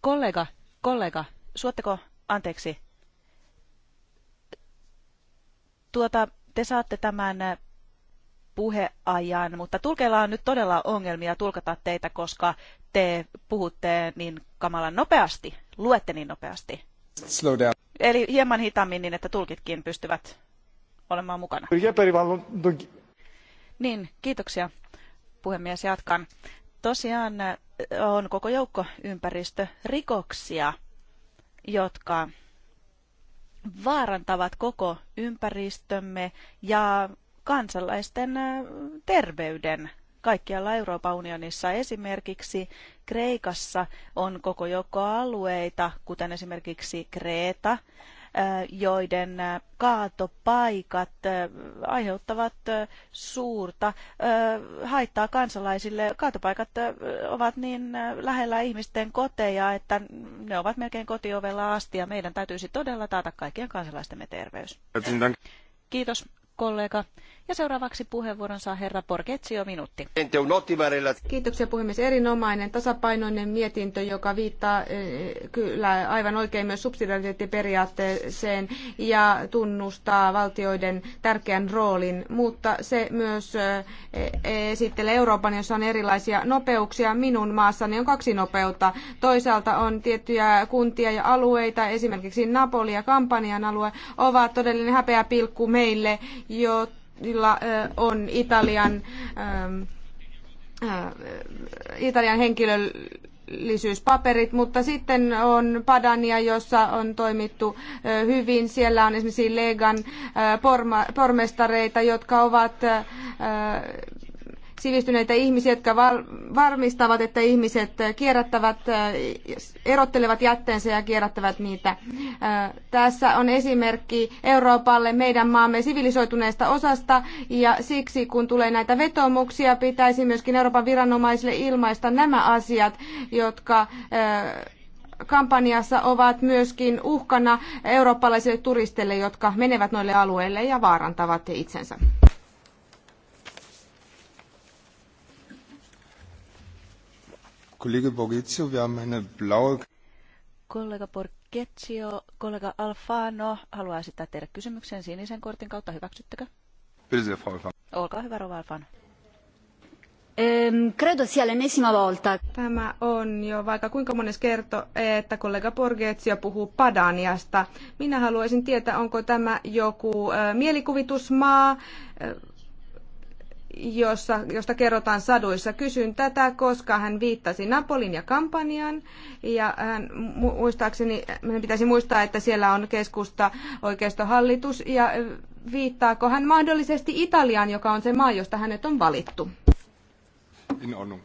Kollega, kollega, suotteko Anteeksi. Tuota, te saatte tämän äh, puheajan, mutta tulkeilla on nyt todella ongelmia tulkata teitä, koska te puhutte niin kamalan nopeasti, luette niin nopeasti. Slow down. Eli hieman hitaammin niin, että tulkitkin pystyvät olemaan mukana. Niin, kiitoksia puhemies, jatkan. Tosiaan äh, on koko joukko ympäristörikoksia, jotka vaarantavat koko ympäristömme ja kansalaisten terveyden kaikkialla Euroopan unionissa. Esimerkiksi Kreikassa on koko joukko alueita, kuten esimerkiksi Kreeta joiden kaatopaikat aiheuttavat suurta haittaa kansalaisille. Kaatopaikat ovat niin lähellä ihmisten koteja, että ne ovat melkein kotiovella asti ja meidän täytyisi todella taata kaikkien kansalaistemme terveys. Kiitos kollega. Ja seuraavaksi puheenvuoron saa herra Porgetsio minuutti. Kiitoksia puhemies. Erinomainen tasapainoinen mietintö, joka viittaa eh, kyllä aivan oikein myös subsidiariteettiperiaatteeseen ja tunnustaa valtioiden tärkeän roolin, mutta se myös eh, esittelee Euroopan, jossa on erilaisia nopeuksia. Minun maassani on kaksi nopeutta. Toisaalta on tiettyjä kuntia ja alueita, esimerkiksi Napoli ja Kampanjan alue, ovat todellinen pilkku meille joilla on Italian, Italian henkilöllisyyspaperit, mutta sitten on Padania, jossa on toimittu hyvin. Siellä on esimerkiksi Legan pormestareita, jotka ovat sivistyneitä ihmisiä, jotka varmistavat, että ihmiset äh, kierrättävät, äh, erottelevat jätteensä ja kierrättävät niitä. Äh, tässä on esimerkki Euroopalle meidän maamme sivilisoituneesta osasta ja siksi kun tulee näitä vetomuksia, pitäisi myöskin Euroopan viranomaisille ilmaista nämä asiat, jotka kampanjassa ovat myöskin uhkana eurooppalaisille turisteille, jotka menevät noille alueille ja vaarantavat itsensä. Kollege Borghezio, wir haben eine blaue... Kollega Borghezio, kollega Alfano haluaa esittää teille kysymyksen sinisen kortin kautta. Hyväksyttekö? Bitte, Frau Alfano. Olkaa hyvä, Rova Alfano. Ehm, credo sia l'ennesima volta. Tämä on jo vaikka kuinka mones kerto, että kollega Borghezio puhuu Padaniasta. Minä haluaisin tietää, onko tämä joku eh, mielikuvitusmaa, eh, jossa, josta kerrotaan saduissa. Kysyn tätä, koska hän viittasi Napolin ja Kampanjan. Ja hän, muistaakseni, meidän pitäisi muistaa, että siellä on keskusta oikeistohallitus. Ja viittaako hän mahdollisesti Italiaan, joka on se maa, josta hänet on valittu? In ordnung.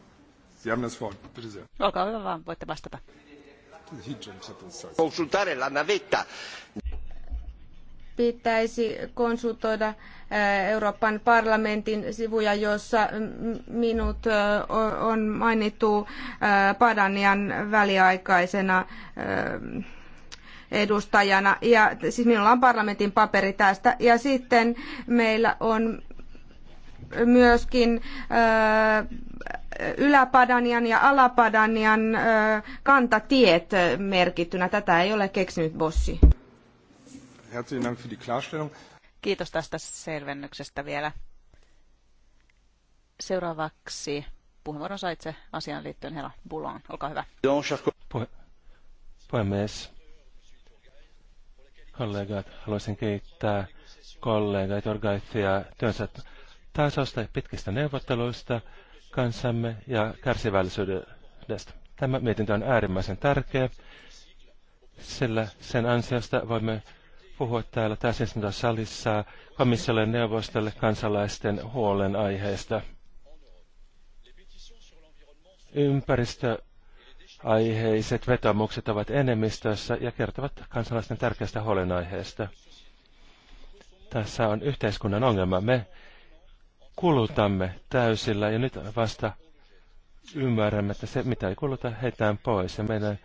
Olkaa hyvä vaan, voitte vastata. Consultare la navetta pitäisi konsultoida Euroopan parlamentin sivuja, jossa minut on mainittu Padanian väliaikaisena edustajana. Ja, siis minulla on parlamentin paperi tästä. Ja sitten meillä on myöskin yläpadanian ja alapadanian kantatiet merkittynä. Tätä ei ole keksinyt Bossi. Herzlichen Dank für die Klarstellung. Kiitos tästä selvennyksestä vielä. Seuraavaksi puheenvuoron saa itse asiaan liittyen herra Bulan. Olkaa hyvä. Puhe, puhemies, kollegat, haluaisin kiittää kollega Torgaithia työnsä tasosta ja pitkistä neuvotteluista kanssamme ja kärsivällisyydestä. Tämä mietintö on äärimmäisen tärkeä, sillä sen ansiosta voimme puhua täällä salissa komissiolle neuvostolle kansalaisten huolen aiheesta. Ympäristöaiheiset vetomukset ovat enemmistössä ja kertovat kansalaisten tärkeästä huolenaiheesta. Tässä on yhteiskunnan ongelma. Me kulutamme täysillä ja nyt vasta ymmärrämme, että se mitä ei kuluta, heitään pois. Ja meidän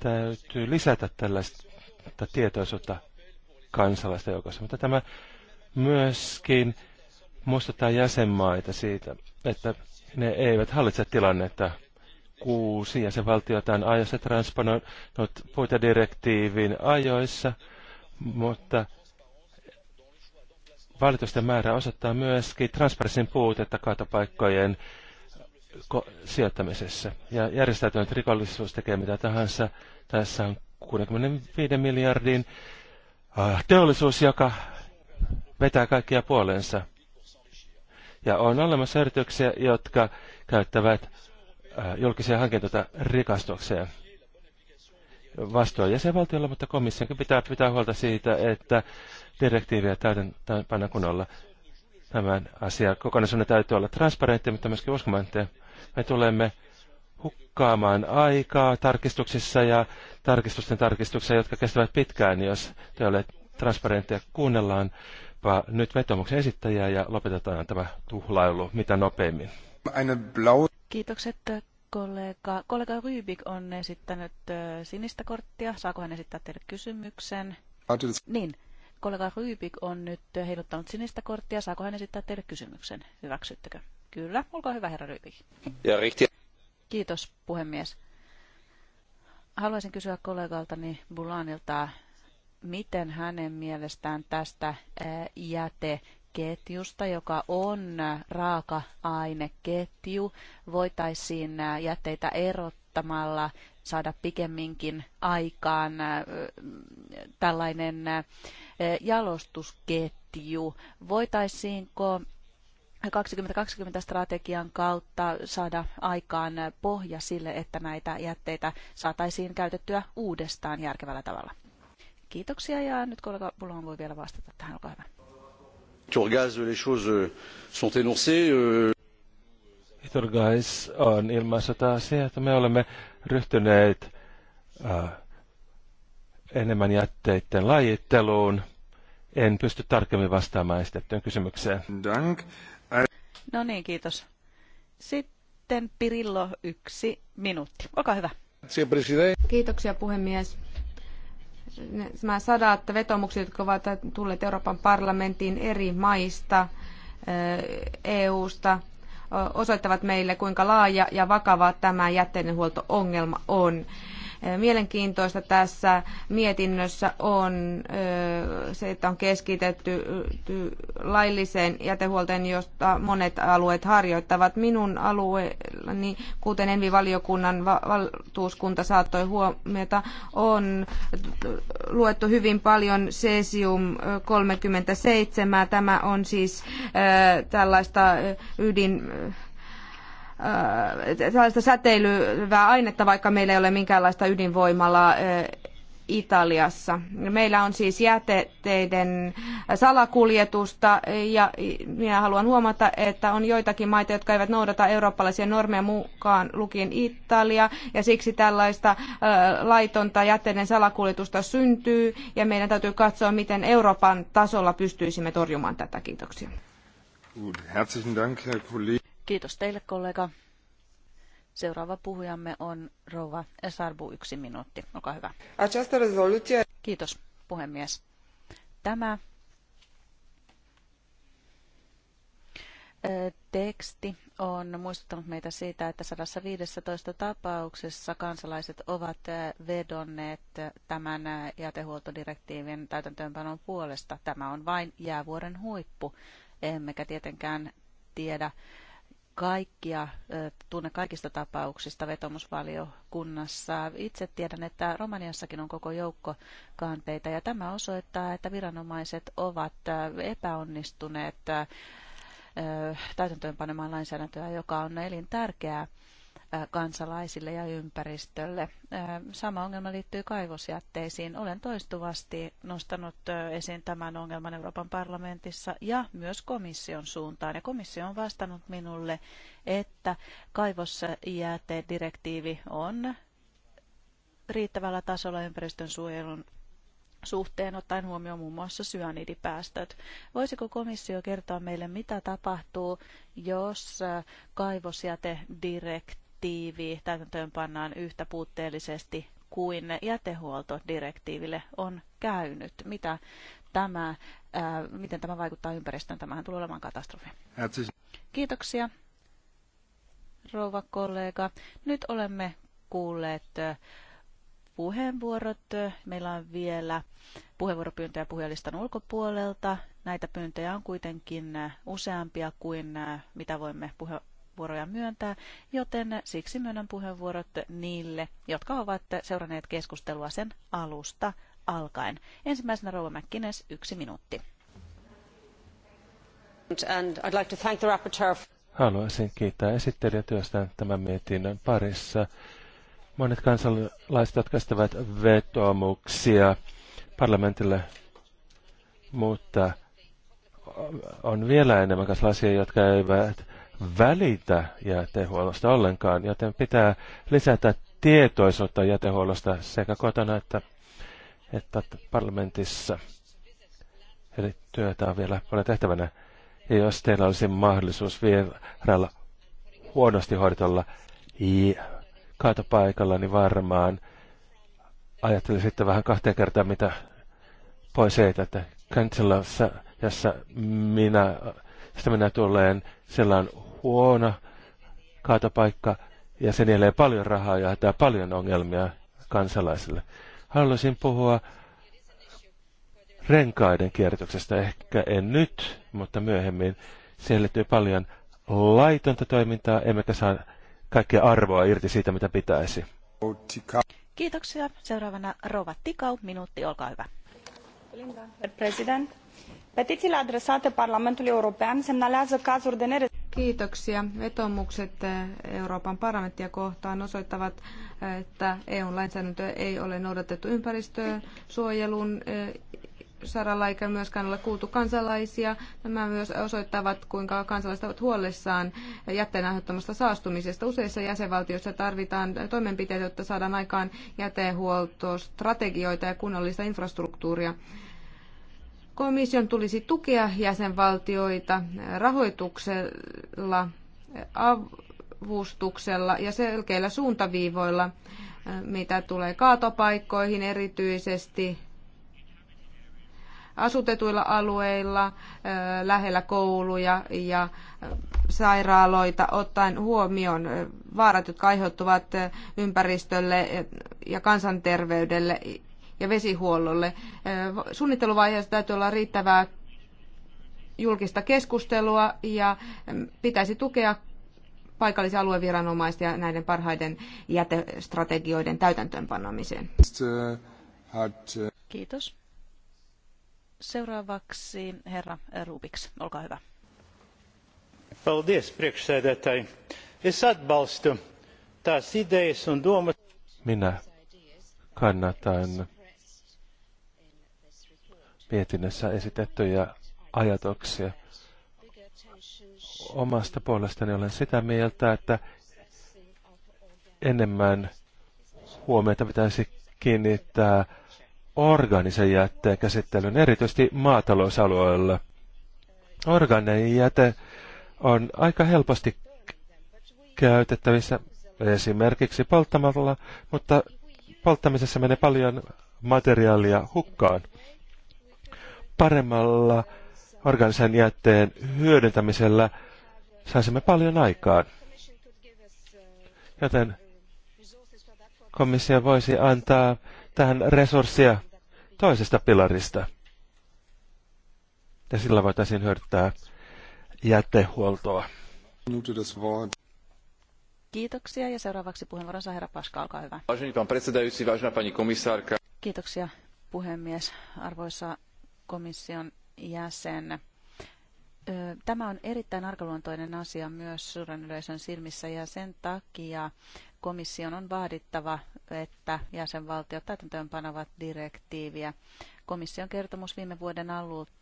täytyy lisätä tällaista tietoisuutta kansalaista joukossa. Mutta tämä myöskin muistuttaa jäsenmaita siitä, että ne eivät hallitse tilannetta. Kuusi jäsenvaltiota on ajoissa transponoinut puitedirektiivin ajoissa, mutta valitusten määrä osoittaa myöskin transparenssin puutetta kaatopaikkojen sijoittamisessa. Ja järjestäytynyt rikollisuus tekee mitä tahansa. Tässä on 65 miljardin Ah, teollisuus, joka vetää kaikkia puolensa. Ja on olemassa yrityksiä, jotka käyttävät ah, julkisia hankintoja rikastukseen. vastoin jäsenvaltiolla, mutta komissionkin pitää pitää huolta siitä, että direktiiviä täytetään panna kunnolla. Tämän asian kokonaisuuden täytyy olla transparentti, mutta myöskin uskomatta. Me tulemme hukkaamaan aikaa tarkistuksissa ja tarkistusten tarkistuksia, jotka kestävät pitkään, jos te olette transparentteja. Kuunnellaan nyt vetomuksen esittäjää ja lopetetaan tämä tuhlailu mitä nopeimmin. Kiitokset kollega. Kollega Rybik on esittänyt sinistä korttia. Saako hän esittää teille kysymyksen? Niin. Kollega Rybik on nyt heiluttanut sinistä korttia. Saako hän esittää teille kysymyksen? Hyväksyttekö? Kyllä. Olkaa hyvä, herra Rybik. Ja, Kiitos, puhemies. Haluaisin kysyä kollegaltani Bulanilta, miten hänen mielestään tästä jäteketjusta, joka on raaka-aineketju, voitaisiin jätteitä erottamalla saada pikemminkin aikaan tällainen jalostusketju. Voitaisiinko 2020-strategian kautta saada aikaan pohja sille, että näitä jätteitä saataisiin käytettyä uudestaan järkevällä tavalla. Kiitoksia ja nyt kollega Bulon voi vielä vastata tähän, olkaa hyvä. Turgaz, les euh, sont énoncées. Euh. Turgais on ilmaissut asia, että me olemme ryhtyneet äh, enemmän jätteiden lajitteluun. En pysty tarkemmin vastaamaan esitettyyn kysymykseen. Dank. No niin, kiitos. Sitten Pirillo yksi minuutti. Olkaa hyvä. Kiitoksia puhemies nämä sadat vetomukset, jotka ovat tulleet Euroopan parlamenttiin eri maista, EU-sta, eh, e osoittavat meille, kuinka laaja ja vakava tämä jätteidenhuolto-ongelma on. Mielenkiintoista tässä mietinnössä on se, että on keskitetty lailliseen jätehuolteen, josta monet alueet harjoittavat. Minun alueellani, kuten Envi-valiokunnan valtuuskunta saattoi huomata, on luettu hyvin paljon cesium 37. Tämä on siis tällaista ydin Äh, tällaista säteilyvää ainetta, vaikka meillä ei ole minkäänlaista ydinvoimalaa äh, Italiassa. Meillä on siis jäteteiden salakuljetusta ja minä haluan huomata, että on joitakin maita, jotka eivät noudata eurooppalaisia normeja mukaan lukien Italia ja siksi tällaista äh, laitonta jätteiden salakuljetusta syntyy ja meidän täytyy katsoa, miten Euroopan tasolla pystyisimme torjumaan tätä. Kiitoksia. Kiitos teille kollega. Seuraava puhujamme on Rova Esarbu yksi minuutti. Olkaa hyvä. Kiitos puhemies. Tämä teksti on muistuttanut meitä siitä, että 115 tapauksessa kansalaiset ovat vedonneet tämän jätehuoltodirektiivin täytäntöönpanon puolesta. Tämä on vain jäävuoren huippu, emmekä tietenkään tiedä kaikkia, tunne kaikista tapauksista vetomusvaliokunnassa. Itse tiedän, että Romaniassakin on koko joukko kanteita ja tämä osoittaa, että viranomaiset ovat epäonnistuneet täytäntöönpanemaan lainsäädäntöä, joka on elintärkeää. tärkeää kansalaisille ja ympäristölle. Sama ongelma liittyy kaivosjätteisiin. Olen toistuvasti nostanut esiin tämän ongelman Euroopan parlamentissa ja myös komission suuntaan. Ja komissio on vastannut minulle, että kaivosjätedirektiivi on riittävällä tasolla ympäristön suojelun suhteen ottaen huomioon muun muassa syönidipäästöt. Voisiko komissio kertoa meille, mitä tapahtuu, jos kaivosjätedirektiivi direktiivi täytäntöönpannaan yhtä puutteellisesti kuin jätehuoltodirektiiville on käynyt. Mitä tämä, äh, miten tämä vaikuttaa ympäristöön? Tämähän tulee olemaan katastrofi. Kiitoksia, rouva kollega. Nyt olemme kuulleet äh, puheenvuorot. Meillä on vielä puheenvuoropyyntöjä puhujalistan ulkopuolelta. Näitä pyyntöjä on kuitenkin äh, useampia kuin äh, mitä voimme puhe- puheenvuoroja myöntää, joten siksi myönnän puheenvuorot niille, jotka ovat seuranneet keskustelua sen alusta alkaen. Ensimmäisenä Rouva Mäkkines, yksi minuutti. And I'd like to thank the rapporteur. Haluaisin kiittää esittelijätyöstään tämän mietinnön parissa. Monet kansalaiset kastavat vetoomuksia parlamentille, mutta on vielä enemmän kansalaisia, jotka eivät välitä jätehuollosta ollenkaan, joten pitää lisätä tietoisuutta jätehuollosta sekä kotona että, että parlamentissa. Eli työtä on vielä paljon tehtävänä. Ja jos teillä olisi mahdollisuus vierailla huonosti hoidolla kaatopaikalla, niin varmaan ajattelin sitten vähän kahteen kertaa, mitä pois että Kansalassa, jossa minä, sitä minä tulen, siellä on huono kaatopaikka ja sen jälleen paljon rahaa ja tämä paljon ongelmia kansalaisille. Haluaisin puhua renkaiden kierrätyksestä ehkä en nyt, mutta myöhemmin. Siihen liittyy paljon laitonta toimintaa, emmekä saa kaikkea arvoa irti siitä, mitä pitäisi. Kiitoksia. Seuraavana Rova Tikau, minuutti, olkaa hyvä. Linda, President. Petițiile adresate Parlamentului European semnalează cazuri de nerespectare Kiitoksia. Vetomukset eh, Euroopan parlamenttia kohtaan osoittavat, eh, että eu lainsäädäntöä ei ole noudatettu ympäristöön, suojelun eh, saralla eikä myöskään ole kuultu kansalaisia. Nämä myös osoittavat, kuinka kansalaiset ovat huolissaan jätteen aiheuttamasta saastumisesta. Useissa jäsenvaltioissa tarvitaan toimenpiteitä, jotta saadaan aikaan jätehuoltostrategioita ja kunnollista infrastruktuuria. Komission tulisi tukea jäsenvaltioita rahoituksella, avustuksella ja selkeillä suuntaviivoilla, mitä tulee kaatopaikkoihin erityisesti asutetuilla alueilla, lähellä kouluja ja sairaaloita, ottaen huomioon vaarat, jotka aiheuttavat ympäristölle ja kansanterveydelle ja vesihuollolle. Suunnitteluvaiheessa täytyy olla riittävää julkista keskustelua ja mm, pitäisi tukea paikallisia alueviranomaisia näiden parhaiden jätestrategioiden täytäntöönpanomiseen. Kiitos. Seuraavaksi herra Rubiks, olkaa hyvä. Paldies, priekšsēdētāji. Es atbalstu tās idejas un domas. Minä kannatan mietinnössä esitettyjä ajatuksia. Omasta puolestani olen sitä mieltä, että enemmän huomiota pitäisi kiinnittää organisen jätteen käsittelyyn, erityisesti maatalousalueella. Organinen jäte on aika helposti käytettävissä esimerkiksi polttamalla, mutta polttamisessa menee paljon materiaalia hukkaan paremmalla organisen jätteen hyödyntämisellä saisimme paljon aikaan. Joten komissio voisi antaa tähän resurssia toisesta pilarista. Ja sillä voitaisiin hyödyttää jätehuoltoa. Kiitoksia ja seuraavaksi puheenvuoron saa herra Paska, olkaa hyvä. Kiitoksia puhemies. Arvoisa komission jäsen. Tämä on erittäin arkaluontoinen asia myös suuren yleisön silmissä ja sen takia komission on vaadittava, että jäsenvaltiot täytäntöönpanavat direktiiviä. Komission kertomus viime vuoden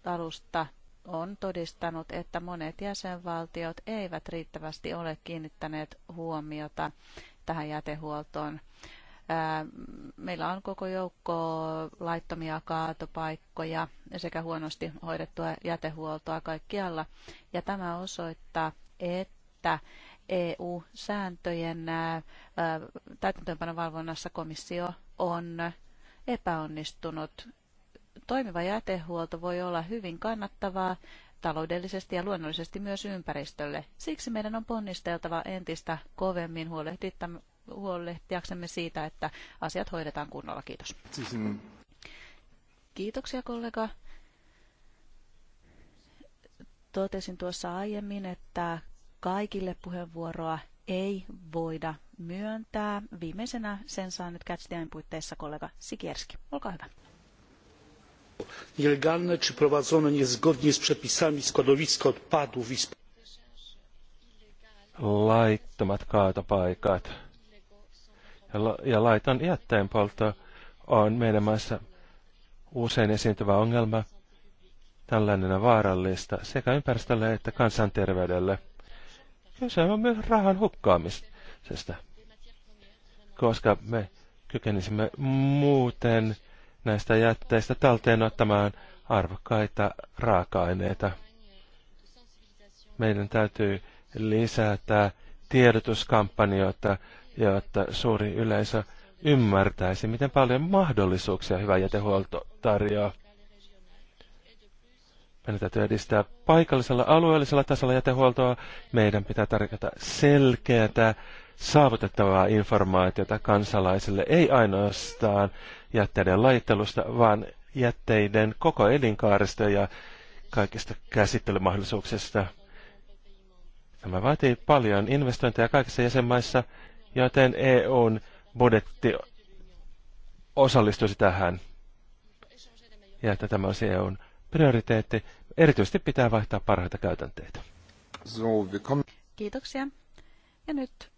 alusta on todistanut, että monet jäsenvaltiot eivät riittävästi ole kiinnittäneet huomiota tähän jätehuoltoon. Meillä on koko joukko laittomia kaatopaikkoja sekä huonosti hoidettua jätehuoltoa kaikkialla. Ja tämä osoittaa, että EU-sääntöjen täytäntöönpanovalvonnassa komissio on epäonnistunut. Toimiva jätehuolto voi olla hyvin kannattavaa taloudellisesti ja luonnollisesti myös ympäristölle. Siksi meidän on ponnisteltava entistä kovemmin huolehtiaksemme siitä, että asiat hoidetaan kunnolla. Kiitos. Kiitoksia kollega. Totesin tuossa aiemmin, että kaikille puheenvuoroa ei voida myöntää. Viimeisenä sen saa nyt Catch the puitteissa kollega Sikierski. Olkaa hyvä. Nielegalne czy prowadzone niezgodnie z przepisami składowisko odpadów i... Laittomat kaatopaikat ja, la, ja laiton on meidän maassa usein esiintyvä ongelma. Tällainen on vaarallista sekä ympäristölle että kansanterveydelle. Kyse on myös rahan hukkaamisesta, koska me kykenisimme muuten näistä jätteistä talteen ottamaan arvokkaita raaka-aineita. Meidän täytyy lisätä tiedotuskampanjoita jotta suuri yleisö ymmärtäisi, miten paljon mahdollisuuksia hyvä jätehuolto tarjoaa. Meidän täytyy edistää paikallisella alueellisella tasolla jätehuoltoa. Meidän pitää tarjota selkeää, saavutettavaa informaatiota kansalaisille, ei ainoastaan jätteiden laittelusta vaan jätteiden koko elinkaarista ja kaikista käsittelymahdollisuuksista. Tämä vaatii paljon investointeja kaikissa jäsenmaissa joten EUn budjetti osallistuisi tähän. Ja että tämä olisi EUn prioriteetti. Erityisesti pitää vaihtaa parhaita käytänteitä. Kiitoksia. Ja nyt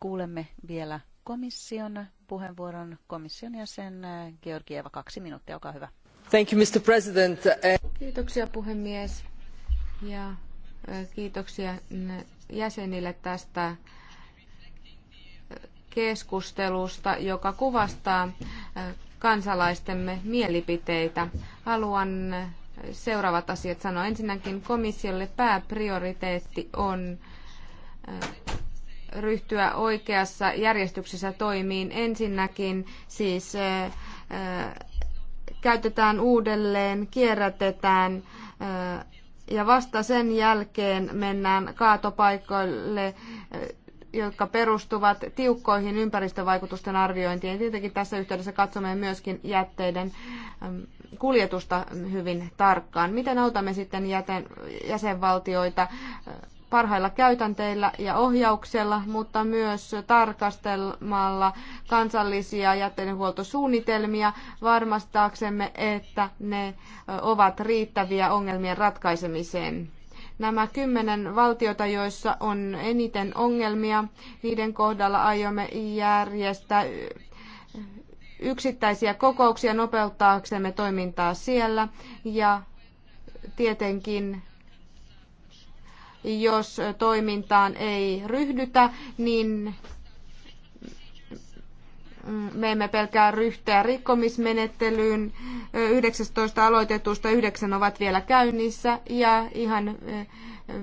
kuulemme vielä komission puheenvuoron komission jäsen äh, Georgieva. Kaksi minuuttia, olkaa hyvä. Thank you, Mr. President. Kiitoksia puhemies ja äh, kiitoksia jäsenille tästä keskustelusta, joka kuvastaa äh, kansalaistemme mielipiteitä. Haluan äh, seuraavat asiat sanoa. Ensinnäkin komissiolle pääprioriteetti on äh, ryhtyä oikeassa järjestyksessä toimiin. Ensinnäkin siis käytetään uudelleen, kierrätetään ja vasta sen jälkeen mennään kaatopaikoille jotka perustuvat tiukkoihin ympäristövaikutusten arviointiin. Tietenkin tässä yhteydessä katsomme myöskin jätteiden kuljetusta hyvin tarkkaan. Miten autamme sitten jäten, jäsenvaltioita äh, parhailla käytänteillä ja ohjauksella, mutta myös tarkastelmalla kansallisia jätteidenhuoltosuunnitelmia varmastaaksemme, että ne ovat riittäviä ongelmien ratkaisemiseen. Nämä kymmenen valtiota, joissa on eniten ongelmia, niiden kohdalla aiomme järjestää yksittäisiä kokouksia nopeuttaaksemme toimintaa siellä ja tietenkin jos toimintaan ei ryhdytä, niin me emme pelkää ryhtyä rikkomismenettelyyn. 19 aloitetusta yhdeksän ovat vielä käynnissä ja ihan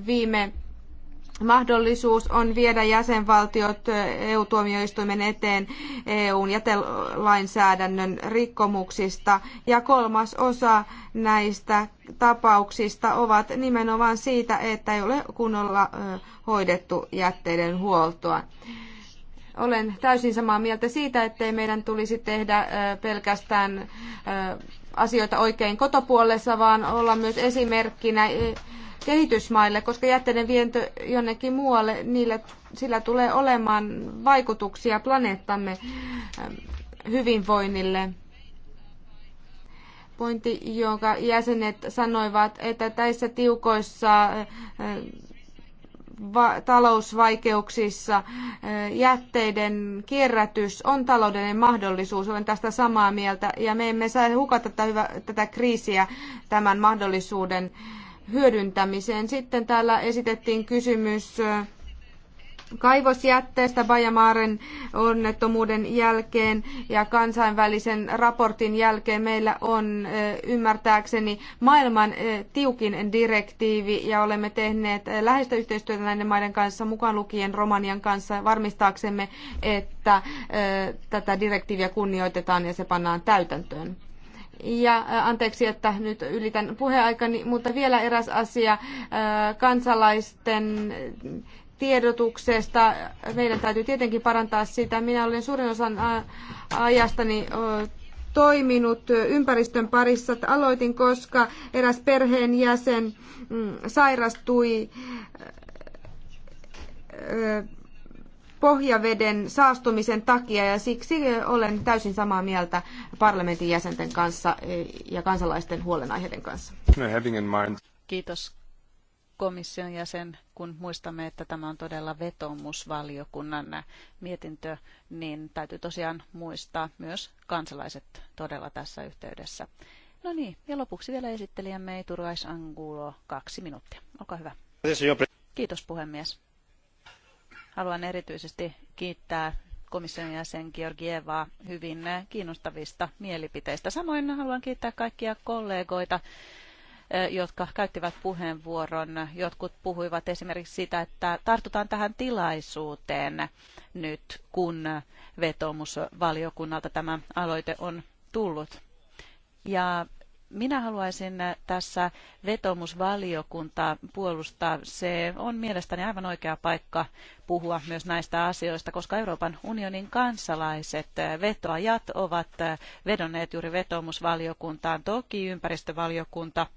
viime mahdollisuus on viedä jäsenvaltiot EU-tuomioistuimen eteen EUn jätelainsäädännön rikkomuksista. Ja kolmas osa näistä tapauksista ovat nimenomaan siitä, että ei ole kunnolla hoidettu jätteiden huoltoa. Olen täysin samaa mieltä siitä, ettei meidän tulisi tehdä pelkästään asioita oikein kotopuolessa, vaan olla myös esimerkkinä kehitysmaille, koska jätteiden viento jonnekin muualle, niille sillä tulee olemaan vaikutuksia planeettamme hyvinvoinnille. Pointti, jonka jäsenet sanoivat, että tässä tiukoissa talousvaikeuksissa jätteiden kierrätys on taloudellinen mahdollisuus. Olen tästä samaa mieltä ja me emme saa hukata tätä kriisiä tämän mahdollisuuden hyödyntämiseen. Sitten täällä esitettiin kysymys kaivosjätteestä Bajamaaren onnettomuuden jälkeen ja kansainvälisen raportin jälkeen meillä on ymmärtääkseni maailman tiukin direktiivi ja olemme tehneet läheistä yhteistyötä näiden maiden kanssa mukaan lukien Romanian kanssa varmistaaksemme, että tätä direktiiviä kunnioitetaan ja se pannaan täytäntöön. Ja anteeksi, että nyt ylitän puheaikani, mutta vielä eräs asia kansalaisten tiedotuksesta. Meidän täytyy tietenkin parantaa sitä. Minä olen suurin osan ajastani toiminut ympäristön parissa. Aloitin, koska eräs perheenjäsen mm, sairastui pohjaveden saastumisen takia ja siksi olen täysin samaa mieltä parlamentin jäsenten kanssa e, ja kansalaisten huolenaiheiden kanssa. Kiitos komission jäsen, kun muistamme, että tämä on todella vetomusvaliokunnan mietintö, niin täytyy tosiaan muistaa myös kansalaiset todella tässä yhteydessä. No niin, ja lopuksi vielä esittelijämme Turais Angulo, kaksi minuuttia. Olkaa hyvä. Kiitos puhemies. Haluan erityisesti kiittää komission jäsen Georgievaa hyvin kiinnostavista mielipiteistä. Samoin haluan kiittää kaikkia kollegoita Eh, jotka käyttivät puheenvuoron. Jotkut puhuivat esimerkiksi sitä, että tartutaan tähän tilaisuuteen nyt, kun vetomusvaliokunnalta tämä aloite on tullut. Ja minä haluaisin tässä vetomusvaliokunta puolustaa. Se on mielestäni aivan oikea paikka puhua myös näistä asioista, koska Euroopan unionin kansalaiset eh, vetoajat ovat eh, vedonneet juuri vetomusvaliokuntaan. Toki ympäristövaliokunta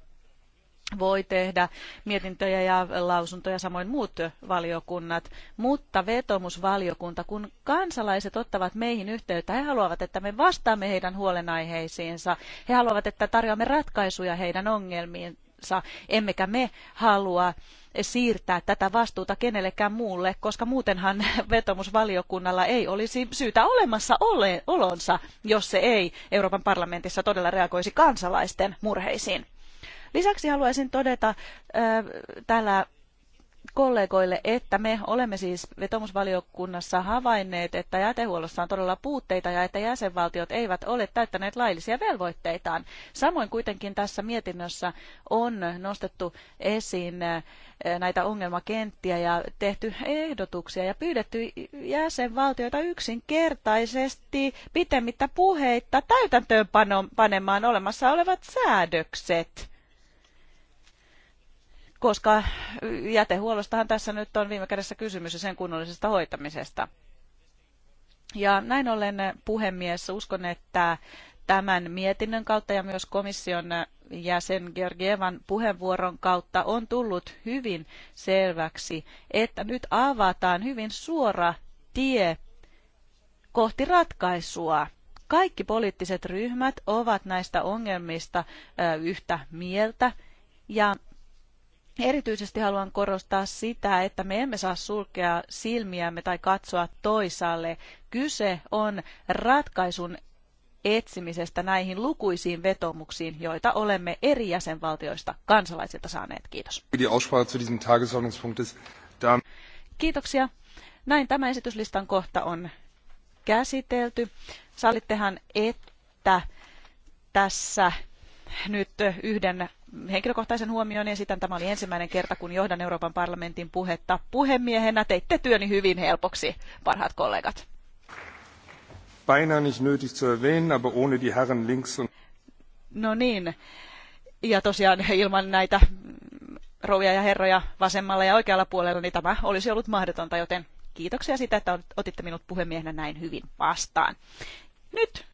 voi tehdä mietintöjä ja lausuntoja, samoin muut valiokunnat, mutta vetomusvaliokunta, kun kansalaiset ottavat meihin yhteyttä, he haluavat, että me vastaamme heidän huolenaiheisiinsa, he haluavat, että tarjoamme ratkaisuja heidän ongelmiinsa, emmekä me halua siirtää tätä vastuuta kenellekään muulle, koska muutenhan vetomusvaliokunnalla ei olisi syytä olemassa olonsa, jos se ei Euroopan parlamentissa todella reagoisi kansalaisten murheisiin. Lisäksi haluaisin todeta täällä kollegoille, että me olemme siis vetomusvaliokunnassa havainneet, että jätehuollossa on todella puutteita ja että jäsenvaltiot eivät ole täyttäneet laillisia velvoitteitaan. Samoin kuitenkin tässä mietinnössä on nostettu esiin näitä ongelmakenttiä ja tehty ehdotuksia ja pyydetty jäsenvaltioita yksinkertaisesti pitemmittä puheitta täytäntöön panemaan olemassa olevat säädökset koska jätehuollostahan tässä nyt on viime kädessä kysymys ja sen kunnollisesta hoitamisesta. Ja näin ollen, puhemies, uskon, että tämän mietinnön kautta ja myös komission jäsen Georgievan puheenvuoron kautta on tullut hyvin selväksi, että nyt avataan hyvin suora tie kohti ratkaisua. Kaikki poliittiset ryhmät ovat näistä ongelmista yhtä mieltä ja Erityisesti haluan korostaa sitä, että me emme saa sulkea silmiämme tai katsoa toisaalle. Kyse on ratkaisun etsimisestä näihin lukuisiin vetomuksiin, joita olemme eri jäsenvaltioista kansalaisilta saaneet. Kiitos. Kiitoksia. Näin tämä esityslistan kohta on käsitelty. Sallittehan, että tässä nyt yhden henkilökohtaisen huomion esitän. Tämä oli ensimmäinen kerta, kun johdan Euroopan parlamentin puhetta puhemiehenä. Teitte työni hyvin helpoksi, parhaat kollegat. Beinahe nicht nötig zu erwähnen, aber ohne die Herren links und... No niin. Ja tosiaan ilman näitä rouvia ja herroja vasemmalla ja oikealla puolella, niin tämä olisi ollut mahdotonta, joten kiitoksia siitä, että otitte minut puhemiehenä näin hyvin vastaan. Nyt